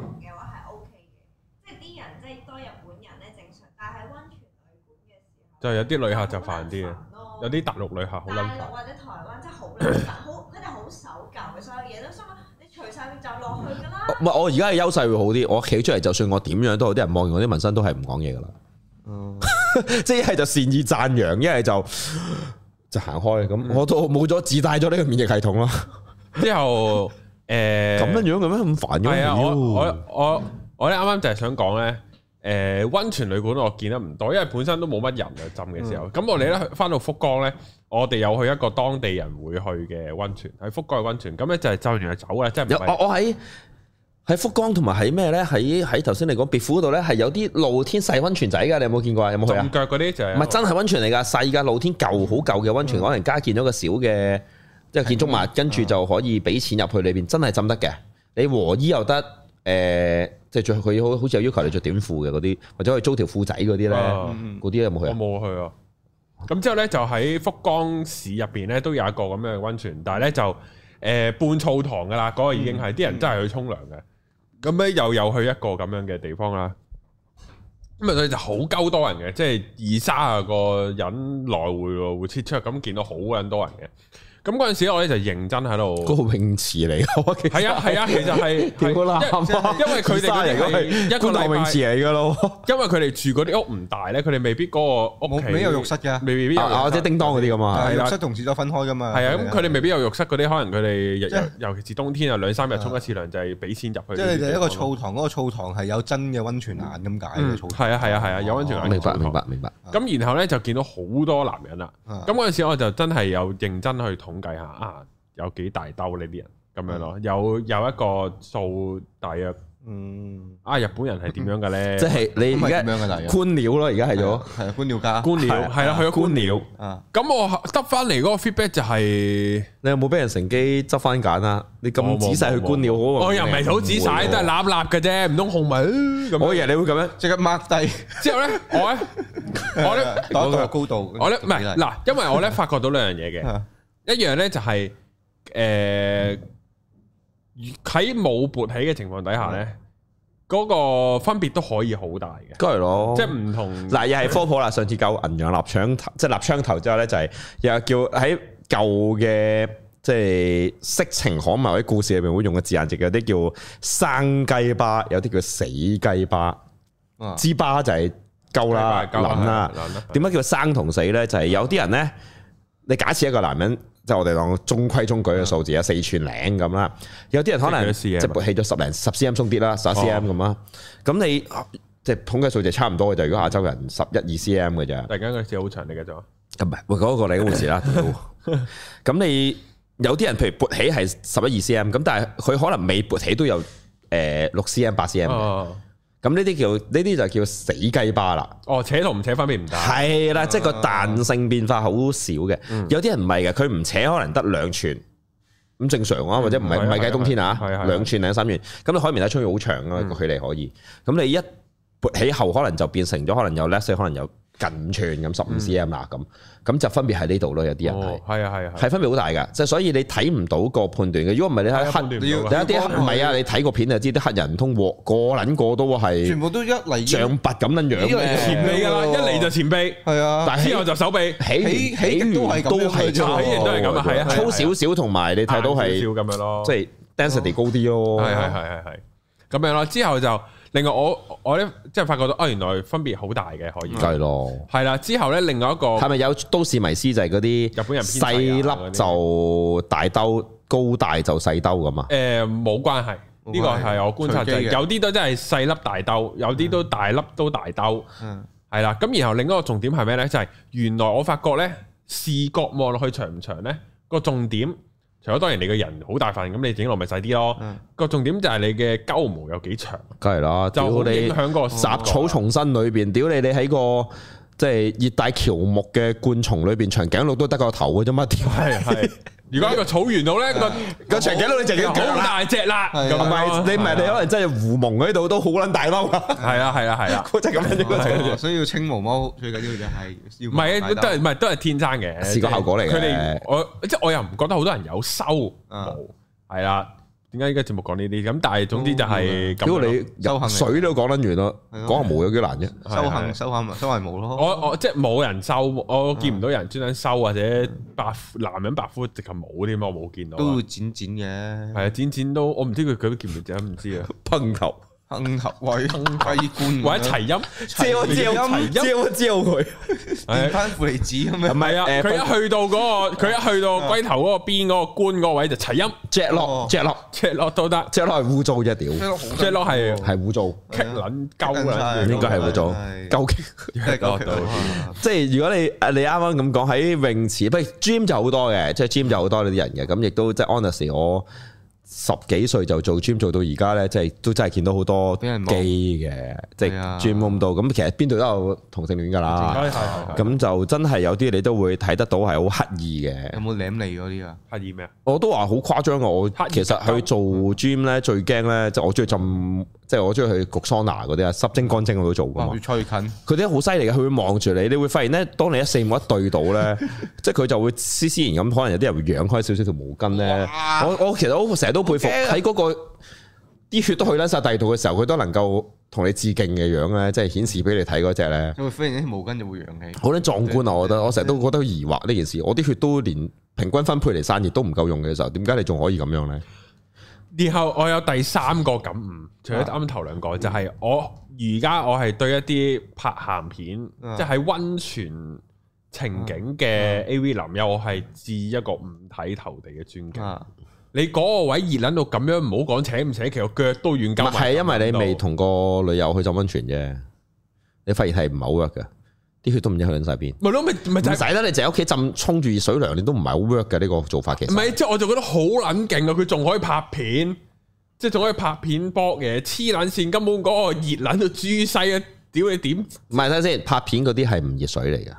即係啲人即係多日本人咧正常，但係溫泉旅館嘅時候就有啲旅客就煩啲，有啲大陸旅客好。大陸或者台灣真係好難辦，好佢哋好守舊嘅所有嘢都，所以你除曬就落去㗎啦。唔係我而家嘅優勢會好啲，我企出嚟就算我點樣都好，都係啲人望完我啲紋身都係唔講嘢㗎啦。嗯、 即係一係就善意讚揚，一係就就行開咁，我都冇咗自帶咗呢個免疫系統啦。之後。 誒，咁樣樣嘅咩？咁煩嘅嘢。係啊，我我我我啱啱就係想講咧，誒，温泉旅館我見得唔多，因為本身都冇乜人啊，浸嘅時候。咁我哋咧翻到福岡咧，我哋有去一個當地人會去嘅温泉，喺福岡嘅温泉。咁咧就係周完就走啊，即係唔係。我我喺喺福岡同埋喺咩咧？喺喺頭先你講別府嗰度咧，係有啲露天細温泉仔噶，你有冇見過啊？有冇去啊？浸腳嗰啲就係唔係真係温泉嚟噶，細嘅露天舊好舊嘅温泉，可能加建咗個小嘅。即係建築物，跟住就可以俾錢入去裏邊，真係浸得嘅。你和衣又得，誒、呃，即係著佢好好似有要求你著短褲嘅嗰啲，或者可以租條褲仔嗰啲咧，嗰啲哇有冇去？我冇去啊！咁之後咧就喺福岡市入邊咧都有一個咁樣嘅温泉，但係咧就誒、呃、半澡堂噶啦，嗰個已經係啲人真係去沖涼嘅。咁咧、嗯嗯、又有去一個咁樣嘅地方啦。咁啊，佢就好鳩多人嘅，即係二卅個人來回喎，會切出咁見到好鬼多人嘅。咁嗰陣時，我咧就認真喺度個泳池嚟，係啊係啊，其實係一個男，因為佢哋嚟嘅一個游泳池嚟噶咯。因為佢哋住嗰啲屋唔大咧，佢哋未必嗰個屋企有浴室嘅，未必有或者叮當嗰啲咁啊。浴室同廁所分開噶嘛。係啊，咁佢哋未必有浴室嗰啲，可能佢哋即係尤其是冬天啊，兩三日沖一次涼就係俾錢入去。即係一個澡堂，嗰個澡堂係有真嘅温泉眼咁解嘅，係啊，係啊，係啊，有温泉眼。明白，明白，明白。咁然後咧就見到好多男人啦。咁嗰陣時我就真係有認真去同。統計下啊，有幾大兜呢啲人咁樣咯？有有一個數大約，嗯啊，日本人係點樣嘅咧？即係你而家點樣嘅大約觀鳥咯？而家係咗係觀鳥家觀鳥係啦，係觀鳥。咁我得翻嚟嗰個 feedback 就係你有冇俾人乘機執翻揀啊？你咁仔細去觀鳥，我我又唔係好仔細，都係揦揦嘅啫，唔通紅咪？我以為你會咁樣即刻 mark 低之後咧，我咧我咧嗰個高度，我咧唔係嗱，因為我咧發覺到兩樣嘢嘅。一樣咧就係誒，喺冇勃起嘅情況底下咧，嗰個分別都可以好大嘅。咁係咯，即係唔同嗱，又係科普啦。上次教陰陽立槍頭，即係立槍頭之後咧，就係又叫喺舊嘅，即係色情刊物或者故事入邊會用嘅字眼，即有啲叫生雞巴，有啲叫死雞巴。嗯，巴就係夠啦，淋啦。點解叫生同死咧？就係有啲人咧，你假設一個男人。即係我哋講中規中矩嘅數字啊，嗯、四寸零咁啦。有啲人可能即係勃起咗十零十 CM 鬆啲啦，十一 CM 咁啦。咁、哦、你即係、啊就是、統計數字差唔多嘅，就如果亞洲人十一二 CM 嘅咋？大家、那個字好長嚟嘅就，唔係， 個你護士啦。咁你有啲人譬如勃起係十一二 CM，咁但係佢可能未勃起都有誒六 CM 八 CM。哦哦。咁呢啲叫呢啲就叫死雞巴啦。哦，扯同唔扯分別唔大。係啦的，啊、即係個彈性變化好少嘅。嗯、有啲人唔係嘅，佢唔扯可能得兩寸咁正常啊，嗯、或者唔係唔係計冬天啊。係兩的寸兩三寸，咁你海綿咧充入好長咯，個距離的可以。咁、嗯、你一勃起後，可能就變成咗可能有 less，可能有，近五寸咁十五 cm 啦，咁咁就分別喺呢度咯。有啲人係，係啊係啊，係分別好大嘅。即係所以你睇唔到個判斷嘅，如果唔係你睇黑，你睇啲黑，唔係啊！你睇個片就知啲黑人通個個撚個都係，全部都一嚟象拔咁撚樣嘅，前臂㗎啦，一嚟就前臂，係啊。但係之後就手臂，起起都係都係，起完都係咁啊，粗少少同埋你睇都係少咁樣咯，即係 density 高啲咯，係係係係係，咁樣咯。之後就。另外我我咧即係發覺到，哦，原來分別好大嘅，可以係咯，係啦。之後咧，另外一個係咪有都市迷思，就係嗰啲日本人細、啊、粒就大兜，高大就細兜咁嘛。誒冇、呃、關係，呢、這個係我觀察就、哎、有啲都真係細粒大兜，有啲都大粒都大兜。嗯，係啦。咁然後另一個重點係咩咧？就係、是、原來我發覺咧，視覺望落去長唔長咧個重點。除咗當然你個人好大份，咁你整落咪細啲咯。個、嗯、重點就係你嘅鳩毛有幾長，係啦，就你響個雜草叢生裏邊。屌你！你喺個即係熱帶喬木嘅灌叢裏邊，長頸鹿都得個頭嘅啫嘛，屌，係係。 如果喺個草原度咧，個個長頸鹿你長頸好大隻啦，唔係你唔係你可能真係狐獴喺度都好撚大粒。係啊係啊係啊，即係咁樣一個情況。所以要清毛毛，最緊要就係要。唔係都係唔係都係天生嘅視覺效果嚟嘅。佢哋我即係我又唔覺得好多人有收毛，係啦。點解依家節目講呢啲？咁但係總之就係，如果、哦嗯、你人行水都講得完咯，講下毛有幾難啫。修行，修行修，咪修下毛咯。我我即係冇人修，我見唔到人專登修或者白男人白膚直頭冇添嘛。我冇見到。都會剪剪嘅。係啊，剪剪都，我唔知佢佢都剪唔剪唔知啊。碰 頭。混合位、混低冠位一齊音，招一招，招一招佢，點翻負離子咁樣？唔係啊，佢一去到嗰個，佢一去到龜頭嗰個邊嗰個冠嗰個位就齊音，着落着落着落都得，着落係污糟啫屌，着落係係污糟，棘輪鳩啦，應該係污糟，究竟？即係如果你啊，你啱啱咁講喺泳池，不如 gym 就好多嘅，即係 gym 就好多呢啲人嘅，咁亦都即係 honestly 我。十幾歲就做 gym 做到而家咧，即係都真係見到好多機嘅，即係 gym 咁到。咁其實邊度都有同性戀㗎啦。咁就真係有啲你都會睇得到係好刻意嘅。有冇舐脷嗰啲啊？刻意咩啊？我都話好誇張。我其實去做 gym 咧，最驚咧就我中意浸，即係我中意去焗桑拿嗰啲啊，濕蒸乾蒸我都做㗎嘛。要最近佢啲好犀利嘅，佢會望住你，你會發現咧，當你一四目一對到咧， 即係佢就會斯斯然咁，可能有啲人會揚開少少條毛巾咧。 我我其實好成日都。佩服喺嗰、那個啲血都去甩晒第二度嘅時候，佢都能夠同你致敬嘅樣咧，即係顯示俾你睇嗰隻咧。會忽然間毛巾就會揚起，好靚壯觀啊！對對對對我覺得我成日都覺得疑惑呢件事。我啲血都連平均分配嚟散熱都唔夠用嘅時候，點解你仲可以咁樣咧？然後我有第三個感悟，除咗啱頭兩個，就係、是、我而家我係對一啲拍鹹片，即係喺溫泉情景嘅 AV 男優，啊啊、我係致一個五體投地嘅尊敬。啊啊你嗰個位熱撚到咁樣，唔好講請唔請，其實腳都軟㗎。唔係，因為你未同個女友去浸溫泉啫。你發現係唔好 work 嘅，啲血都唔知去緊晒邊。咪咯，咪咪唔使啦，你淨喺屋企浸沖住熱水涼，你都唔係好 work 嘅呢個做法。其實唔係，即係我就覺得好撚勁啊！佢仲可以拍片，即係仲可以拍片搏嘢，黐撚線。根本嗰個熱撚到豬西啊！屌你點？問下先，拍片嗰啲係唔熱水嚟噶？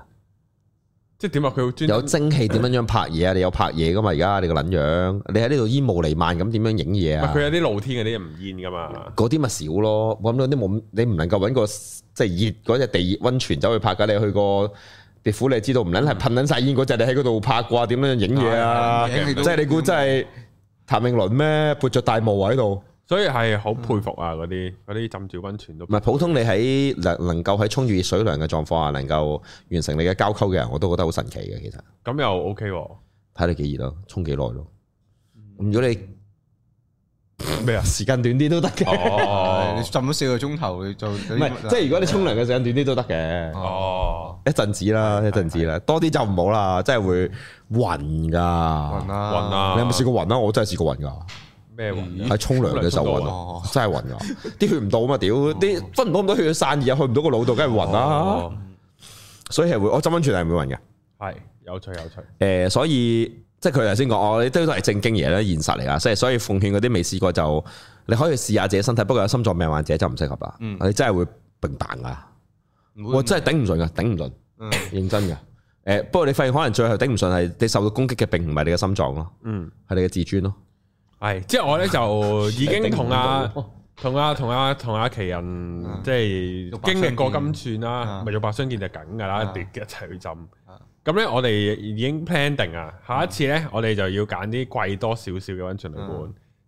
即係點啊？佢好有蒸汽點樣樣拍嘢啊？ 你有拍嘢㗎嘛？而家你個撚樣，你喺呢度煙霧瀰漫咁點樣影嘢啊？佢有啲露天嗰啲唔煙㗎嘛？嗰啲咪少咯。我諗到啲冇，你唔能夠揾個即係熱嗰隻、那個、地熱溫泉走去拍㗎。你去個別府，你知道唔撚係噴撚晒煙嗰隻，那個、你喺嗰度拍啩？點樣影嘢啊？哎、呀即係你估真係、啊、譚詠麟咩？撥着大帽喺度。所以係好佩服啊！嗰啲啲浸住温泉都唔係普通，你喺能能夠喺沖住熱水涼嘅狀況下，能夠完成你嘅交溝嘅人，我都覺得好神奇嘅。其實咁又 OK，睇你幾熱咯，沖幾耐咯。如果你咩啊，時間短啲都得嘅。浸咗四個鐘頭，你就唔係即係如果你沖涼嘅時間短啲都得嘅。哦，一陣子啦，一陣子啦，多啲就唔好啦，真係會暈噶。暈啊！暈啊！你有冇試過暈啊？我真係試過暈噶。咩暈？喺沖涼嘅時候暈，真係暈啊，啲血唔到啊嘛，屌，啲分唔到咁多血散而啊，去唔到個腦度，梗係暈啦。所以係會，我浸溫泉係唔會暈嘅。係有趣，有趣。誒，所以即係佢頭先講，哦，你都係正經嘢咧，現實嚟啊。即係所以奉勸嗰啲未試過就你可以試下自己身體，不過有心臟病患者就唔適合啦。你真係會並彈啊，我真係頂唔順啊，頂唔順，認真嘅。誒，不過你發現可能最後頂唔順係你受到攻擊嘅，並唔係你嘅心臟咯，嗯，係你嘅自尊咯。係，即係我咧就已經同阿同阿同阿同阿奇人，即係經歷過金鑽啦，咪玉白相見就咁噶啦，一齊去浸。咁咧我哋已經 plan 定啊，下一次咧我哋就要揀啲貴多少少嘅溫泉旅館，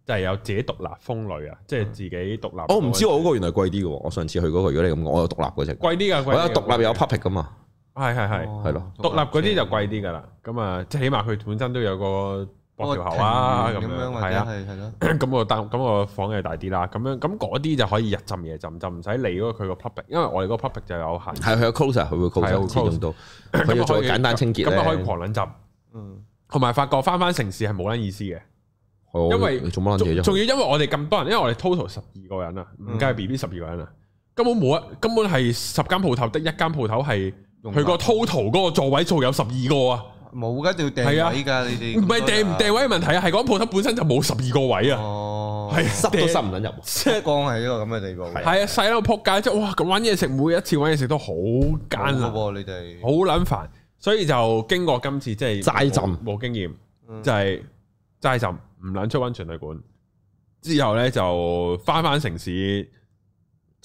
即係有自己獨立風呂啊，即係自己獨立。我唔知我嗰個原來貴啲嘅，我上次去嗰個如果你咁講，我有獨立嗰隻。貴啲噶，我有獨立有 public 噶嘛係係係，係咯，獨立嗰啲就貴啲噶啦。咁啊，即係起碼佢本身都有個。搏條喉啊咁樣，係啊係咯。咁我單，咁我房又大啲啦。咁樣咁嗰啲就可以日浸夜浸，就唔使理嗰佢個 public，因為我哋嗰 public 就有限。係佢個 close 啊，佢會 close 自動到。佢再簡單清潔，咁可以狂捻浸。嗯。同埋發覺翻翻城市係冇撚意思嘅，因為做乜嘢啫？仲要因為我哋咁多人，因為我哋 total 十二個人啊，唔計 B B 十二個人啊，根本冇一根本係十間鋪頭得一間鋪頭係。佢個 total 嗰個座位數有十二個啊。冇噶，要訂位噶呢啲，唔係訂唔訂位嘅問題啊，係講鋪頭本身就冇十二個位啊，哦，係塞都塞唔撚入，即係講係一個咁嘅地步。係啊，細路撲街即係哇，咁揾嘢食，每一次揾嘢食都好艱難喎、啊，你哋好撚煩，所以就經過今次即係齋浸冇經驗，就係、是、齋浸唔撚出温泉旅館，之後咧就翻翻城市。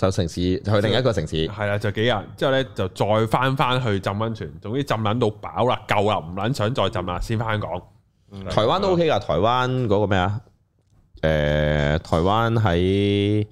就城市就去另一個城市，係啦，就幾日之後咧，就再翻翻去浸温泉，總之浸撚到飽啦，夠啦，唔撚想再浸啦，先翻香港。台灣都 OK 噶，台灣嗰個咩啊？誒，台灣喺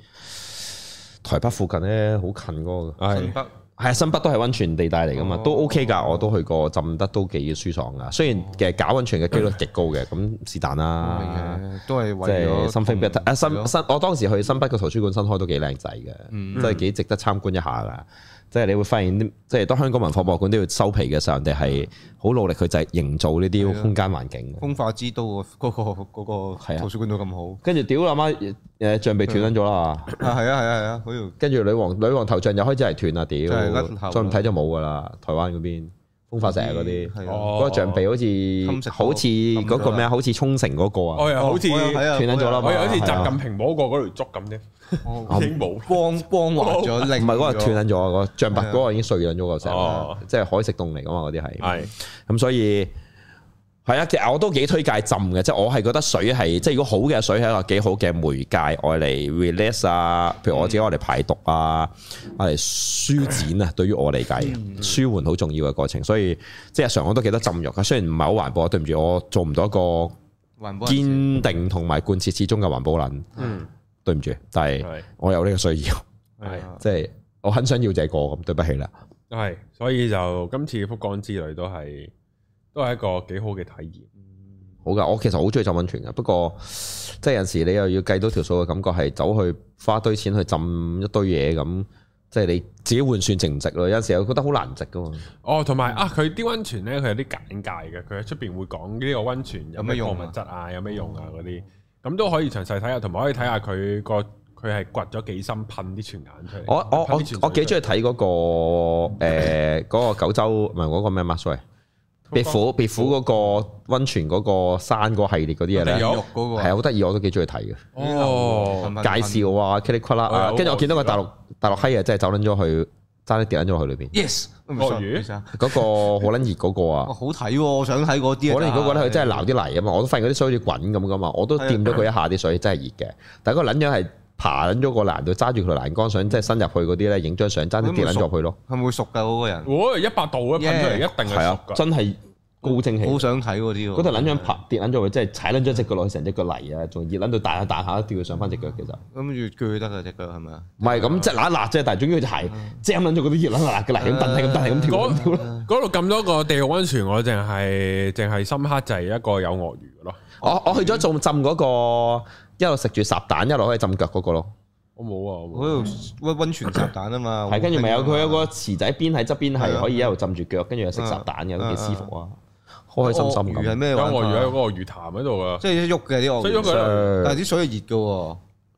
台北附近咧，好近個㗎，新北。係啊，新北都係温泉地帶嚟噶嘛，哦、都 OK 噶，哦、我都去過浸得都幾舒爽噶。哦、雖然其實搞温泉嘅機率極高嘅，咁、嗯、是但啦。都係為咗新北啊，新新我當時去新北個圖書館新開都幾靚仔嘅，都係幾值得參觀一下噶。即係你會發現，即係當香港文化博物館都要收皮嘅時候，人哋係好努力，佢就係營造呢啲空間環境。風化之都嗰、嗰個嗰啊、嗰個嗰個、圖書館都咁好，跟住屌啊媽誒象鼻斷身咗啦！啊係啊係啊係啊，跟住女王女王頭像又開始係斷啊屌，再唔睇就冇㗎啦，台灣嗰邊。風化石嗰啲，嗰個象鼻好似好似嗰個咩啊，好似沖繩嗰個啊，好似斷咗啦，好似習近平摸過嗰條竹咁啫，影無光光滑咗，另外嗰個斷咗，嗰象拔嗰個已經碎咗個石，即係海食洞嚟噶嘛，嗰啲係，咁所以。係啊，其實我都幾推介浸嘅。即係，我係覺得水係，即係如果好嘅水係一個幾好嘅媒介，我嚟 release 啊，譬如我自己我嚟排毒啊，我嚟舒展啊，對於我嚟計，舒緩好重要嘅過程。所以即係日常我都幾多浸浴啊，雖然唔係好環保，對唔住我做唔到一個堅定同埋貫徹始終嘅環保論。嗯，對唔住，但係我有呢個需要，即係的的我很想要這個，咁對不起啦。係，所以就今次福岡之旅都係。都係一個幾好嘅體驗。好噶，我其實好中意浸溫泉嘅。不過即係有時你又要計到條數嘅感覺，係走去花堆錢去浸一堆嘢咁，即係你自己換算值唔值咯。有時我覺得好難值噶嘛。哦，同埋啊，佢啲溫泉咧，佢有啲簡介嘅，佢喺出邊會講呢個溫泉有咩礦物質啊，有咩用啊嗰啲，咁、啊啊、都可以詳細睇下，同埋可以睇下佢個佢係掘咗幾深噴啲泉眼出嚟。我我我我幾中意睇嗰個誒嗰、嗯呃嗰個九州唔係嗰個咩？Sorry. 別府別府嗰個溫泉嗰個山嗰系列嗰啲嘢咧，係好得意，我都幾中意睇嘅。哦，介紹啊，c u r r 跟住我見到個大陸大陸閪啊，真係走撚咗去，爭啲掉撚咗去裏邊。Yes，鱷魚嗰個好撚熱嗰個啊！好睇，我想睇嗰啲。我諗如果覺得佢真係撈啲泥啊嘛，我都發現啲水好似滾咁噶嘛，我都掂咗佢一下，啲水真係熱嘅。但係嗰個撚樣係。爬緊咗個欄，佢揸住條欄杆想即係伸入去嗰啲咧，影張相，爭啲跌撚落去咯。係咪會熟㗎嗰個人？哇，一百度啊！噴出嚟一定係熟㗎。真係高清氣，好想睇嗰啲喎。嗰條撚將爬跌撚落去，即係踩撚咗隻腳落去，成隻腳泥啊！仲熱撚到大下大下，都吊佢上翻隻腳其實。咁跟住鋸得啊隻腳係咪啊？唔係咁即係嗱一辣，即係但係終於就係蒸撚咗嗰啲熱撚辣辣嘅泥，咁蹬嚟咁蹬嚟咁跳。嗰度咁多個地獄溫泉，我淨係淨係深刻就係一個有鱷魚嘅咯。我我去咗浸浸嗰個。一路食住烚蛋，一路可以浸腳嗰個咯。我冇啊，嗰度温温泉烚蛋啊嘛。係，跟住咪有佢有個池仔邊喺側邊，係可以一路浸住腳，跟住又食烚蛋嘅，都幾舒服啊，開心心咁。鱷魚係咩？鱷魚喺個魚潭喺度啊，即係一喐嘅啲鱷魚但係啲水熱嘅喎，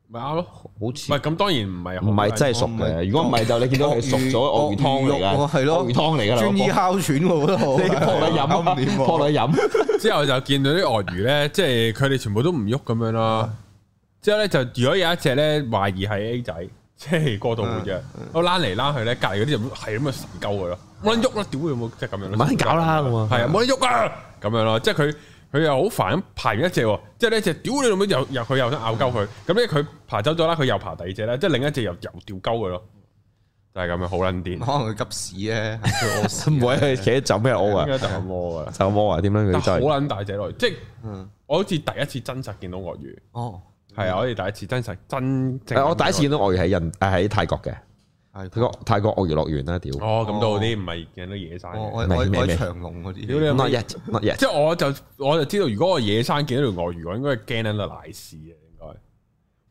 咪啱咯，好似。唔係咁當然唔係，唔係真係熟嘅。如果唔係就你見到佢熟咗鱷魚湯嚟嘅，係咯，鱷魚湯嚟㗎啦。專意哮喘喎，覺得好，攞嚟飲，攞嚟飲。之後就見到啲鱷魚咧，即係佢哋全部都唔喐咁樣啦。之後咧就如果有一隻咧懷疑係 A 仔，即係過度活躍，我拉嚟拉去咧，隔籬嗰啲就係咁啊，成鳩佢咯，冇得喐啦，屌佢老母，即係咁樣咯，搵人搞啦，咁係啊，冇得喐啊，咁樣咯，即係佢佢又好煩，排完一隻，即係呢一隻，屌你老母又佢又想拗鳩佢，咁咧佢爬走咗啦，佢又爬第二隻啦。即係另一隻又又掉鳩佢咯，就係咁樣，好卵癲，可能佢急屎咧，冇啊，企走咩屙啊，就咁摸啊，就咁摸啊，點樣點真，好卵大隻落去，即係我好似第一次真實見到鱷魚哦。係啊，我哋第一次真實真正、那個哎，我第一次見到鱷魚喺人，誒喺泰國嘅，泰國泰國鱷魚樂園啦屌！哦，咁好啲，唔係見到野生、哦，我我長隆嗰啲乜嘢乜嘢？即係 我就我就知道，如果我野生見到條鱷魚，我應該驚喺度奶屎啊！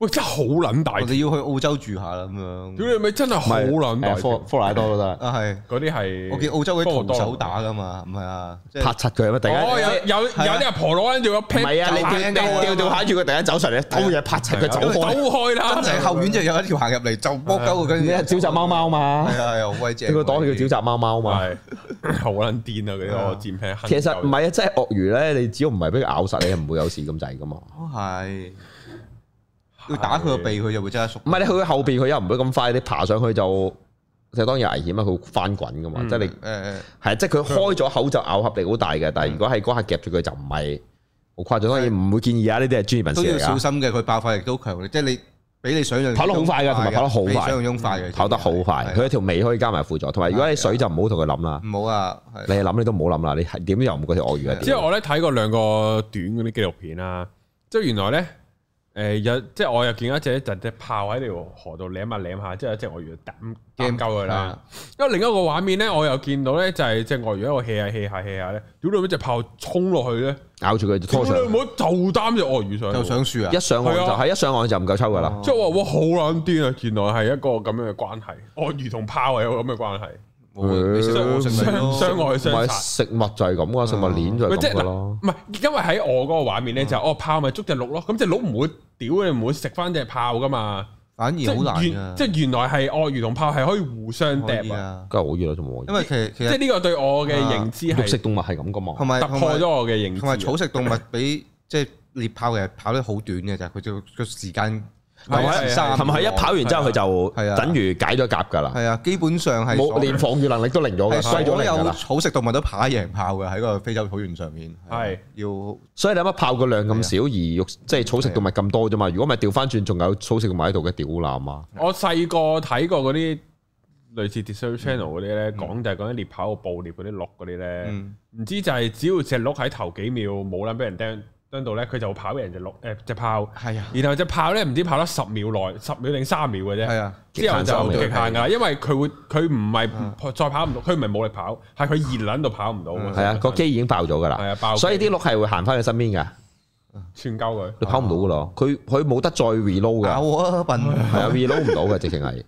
喂，真係好撚大！我哋要去澳洲住下啦，咁樣。屌你咪真係好撚大，科科拉多都得。啊，係嗰啲係。我見澳洲嗰啲徒手打噶嘛，唔係啊，拍七佢乜？突然間，有有有啲阿婆攞住個皮帶，掉掉下住佢，突然間走上嚟，偷嘢拍七佢走開。走開啦！後院就有一條行入嚟，就摸鳩佢，咩招集貓貓嘛？係啊係啊，好鬼正。呢個黨叫招集貓貓嘛？好撚癲啊！嗰啲我尖皮。其實唔係啊，真係鱷魚咧，你只要唔係俾佢咬實，你係唔會有事咁滯噶嘛。哦，係。要打佢個鼻，佢就會即係縮。唔係你去佢後邊，佢又唔會咁快。你爬上去就就係當然危險啦，佢翻滾噶嘛，即係你。誒啊，即係佢開咗口就咬合力好大嘅。但係如果係嗰下夾住佢，就唔係好誇張。當然唔會建議啊，呢啲係專業人士要小心嘅。佢爆發力都強，即係你俾你水就跑得好快㗎，同埋跑得好快，跑得好快。佢一條尾可以加埋輔助，同埋如果你水就唔好同佢諗啦。唔好啊，你係諗你都唔好諗啦。你係點又唔覺得鱷魚？之後我咧睇過兩個短嗰啲紀錄片啦，即係原來咧。誒，有、呃、即係我又見到一隻就隻豹喺條河度舐下舐下，即係隻鱷魚擔驚鳩佢啦。因為、嗯嗯、另一個畫面咧，我又見到咧就係隻鱷魚喺度 hea 下 hea 下 hea 下咧，屌你媽隻豹衝落去咧，咬住佢拖上。屌你就擔隻鱷魚上去，就、啊、一上樹啊，啊！一上岸就係一上岸就唔夠抽噶啦。哦、即係話哇，好撚癲啊！原來係一個咁樣嘅關係，鱷魚同豹係有咁嘅關係。相相相愛相殺，食物就係咁噶，食物鏈就係咁咯。唔係因為喺我嗰個畫面咧，就我豹咪捉隻鹿咯，咁隻鹿唔會屌你，唔會食翻隻豹噶嘛。反而即係即係原來係鱷魚同豹係可以互相釘啊。咁我原來仲冇，因為其實即係呢個對我嘅認知係肉食動物係咁噶嘛，突破咗我嘅認知，同埋草食動物比即係獵豹嘅跑得好短嘅就係佢就個時間。係咪？係一，的一跑完之後佢的就等於解咗甲㗎啦。係啊，基本上係冇練防禦能力都零咗嘅，衰咗啦。有草食動物都跑贏炮嘅喺個非洲草原上面。係的要，所以你諗乜炮嘅量咁少，的而即係草食動物咁多啫嘛。如果唔係掉翻轉，仲有草食動物喺度嘅屌腩啊！我細個睇過嗰啲類似 Discovery Channel 嗰啲咧，講就係講啲獵跑、捕獵嗰啲鹿嗰啲咧，唔、嗯、知就係只要隻鹿喺頭幾秒冇諗俾人釘，喺度咧，佢就會跑嘅人就落誒隻炮，然後隻炮咧唔知跑咗十秒內，十秒定三秒嘅啫，之後就極限噶啦，因為佢會佢唔係再跑唔到，佢唔係冇力跑，係佢熱撚度跑唔到。係啊，個機已經爆咗㗎啦，所以啲鹿係會行翻佢身邊㗎，串交佢，佢跑唔到㗎咯，佢佢冇得再 reload 嘅，係啊 reload 唔到嘅，直情係。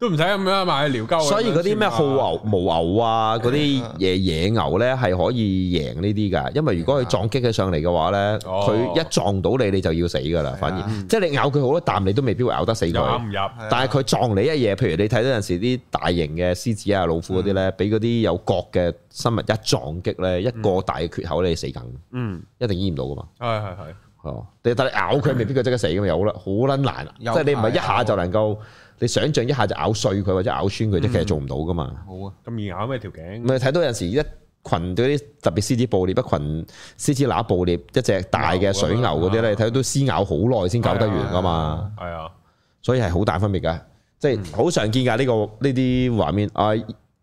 都唔使咁樣買去撩鳩。所以嗰啲咩耗牛、毛牛啊，嗰啲嘢野牛咧，係可以贏呢啲㗎。因為如果佢撞擊起上嚟嘅話咧，佢一撞到你，你就要死㗎啦。反而，即係你咬佢好多啖，你都未必會咬得死佢。咬唔入。但係佢撞你一嘢，譬如你睇到陣時啲大型嘅獅子啊、老虎嗰啲咧，俾嗰啲有角嘅生物一撞擊咧，一個大嘅缺口你死梗。嗯。一定醫唔到㗎嘛。係係係。哦，但係咬佢未必佢即刻死㗎嘛，好啦，好撚難啊，即係你唔係一下就能夠。你想象一下就咬碎佢或者咬穿佢啫，其實做唔到噶嘛。好、嗯、啊，咁易咬咩條頸？唔係睇到有時一群嗰啲特別獅子捕獵，不、嗯、群獅子乸捕獵，一隻大嘅水牛嗰啲咧，嗯、你睇到都撕咬好耐先搞得完噶嘛。係啊、嗯，嗯、所以係好大分別嘅，即係好常見㗎呢、呢個呢啲畫面。啊，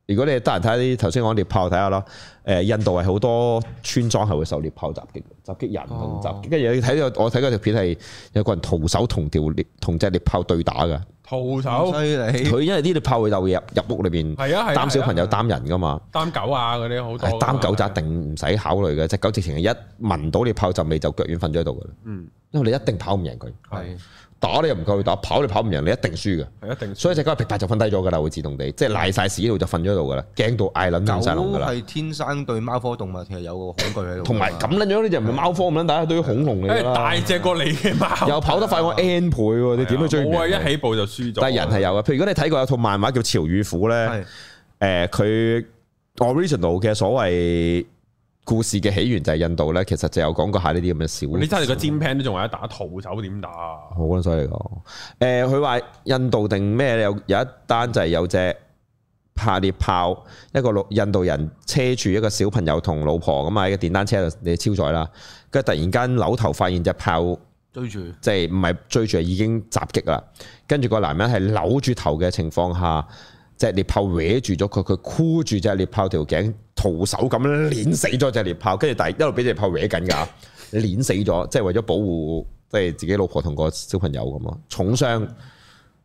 如果你得閒睇下啲頭先講獵豹，睇下咯。誒、呃，印度係好多村莊係會受獵豹襲擊，襲擊人同襲擊。跟住、嗯、你睇到我睇嗰條片係有個人徒手同條同隻獵豹對打㗎。徒手犀利，佢因為呢啲炮佢又入入屋裏邊，係啊係啊，擔小朋友擔人噶嘛，擔狗啊嗰啲好多，擔狗就一定唔使考慮嘅，隻狗直情係一聞到你炮陣味就腳軟瞓咗喺度噶啦，嗯，因為你一定跑唔贏佢，係打你又唔夠佢打，跑你跑唔贏你一定輸嘅，一定，所以隻狗劈拍就瞓低咗噶啦，會自動地即係瀨晒屎嗰度就瞓咗喺度噶啦，驚到嗌撚咁曬撚噶啦，狗係天生對貓科動物其實有個恐懼喺度，同埋咁撚樣呢隻貓科唔捻大都係恐龍嚟啦，大隻過你嘅貓，又跑得快過 n 倍喎，你點去追？一起步就。但係人係有嘅，譬如如果你睇過有套漫畫叫《潮雨虎潮與虎》咧是，誒、呃，佢 original 嘅所謂故事嘅起源就係印度咧，其實就有講過下呢啲咁嘅事。你睇你個尖片都仲係打逃走，點打啊？好犀利嘅，誒、呃，佢話印度定咩？有有一單就係有隻下列豹，一個老印度人車住一個小朋友同老婆咁啊，喺、那個電單車度你超載啦，佢突然間扭頭發現隻豹。追住，即係唔係追住，已經襲擊啦。跟住個男人係扭住頭嘅情況下，即係隻獵豹歪住咗佢，佢箍住隻獵豹條頸，徒手咁捻死咗隻獵豹。跟住第一路俾隻獵豹歪緊噶，捻 死咗，即係為咗保護，即係自己老婆同個小朋友咁啊，重傷。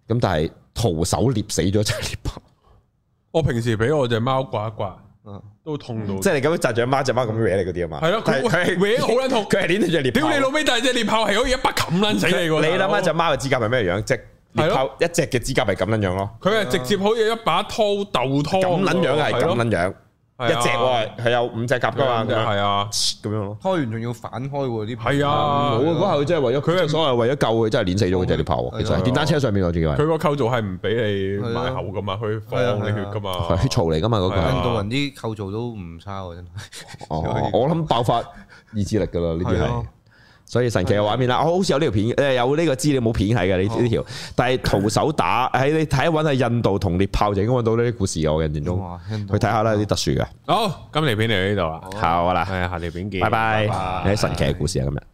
咁但係徒手捻死咗隻獵豹。 我平時俾我隻貓刮一刮。都痛到，即係你咁樣扎住隻貓，隻貓咁搲你嗰啲啊嘛。係咯，佢佢搲好卵痛，佢係捻住隻獵豹。屌你老味，但係隻獵豹係可以一把冚卵死你噶。你諗下隻貓嘅指甲係咩樣，即係獵豹一隻嘅指甲係咁卵樣咯。佢係直接好似一把刀，刀咁卵樣嘅係咁卵樣。一隻喎係有五隻鴿㗎嘛，係啊咁樣咯。開完仲要反開喎啲，係啊冇啊！嗰下佢真係為咗佢嘅所謂為咗救佢，真係碾死咗嗰隻爬喎。其實電單車上面我仲以為佢個構造係唔俾你買口㗎嘛，去放你流血㗎嘛，血槽嚟㗎嘛嗰個。印度人啲構造都唔差喎真哦，我諗爆發意志力㗎啦呢啲係。所以神奇嘅畫面啦，我吧好似有呢條片，誒有呢個資料冇片喺嘅呢呢條，好但係徒手打、嗯哎、你睇一揾下印度同獵豹就已經揾到呢啲故事嘅我印象中，去睇下啦有啲特殊嘅。的好，今期片嚟到呢度啊，好啦，下期片見，拜拜。啲拜神奇嘅故事啊，今日。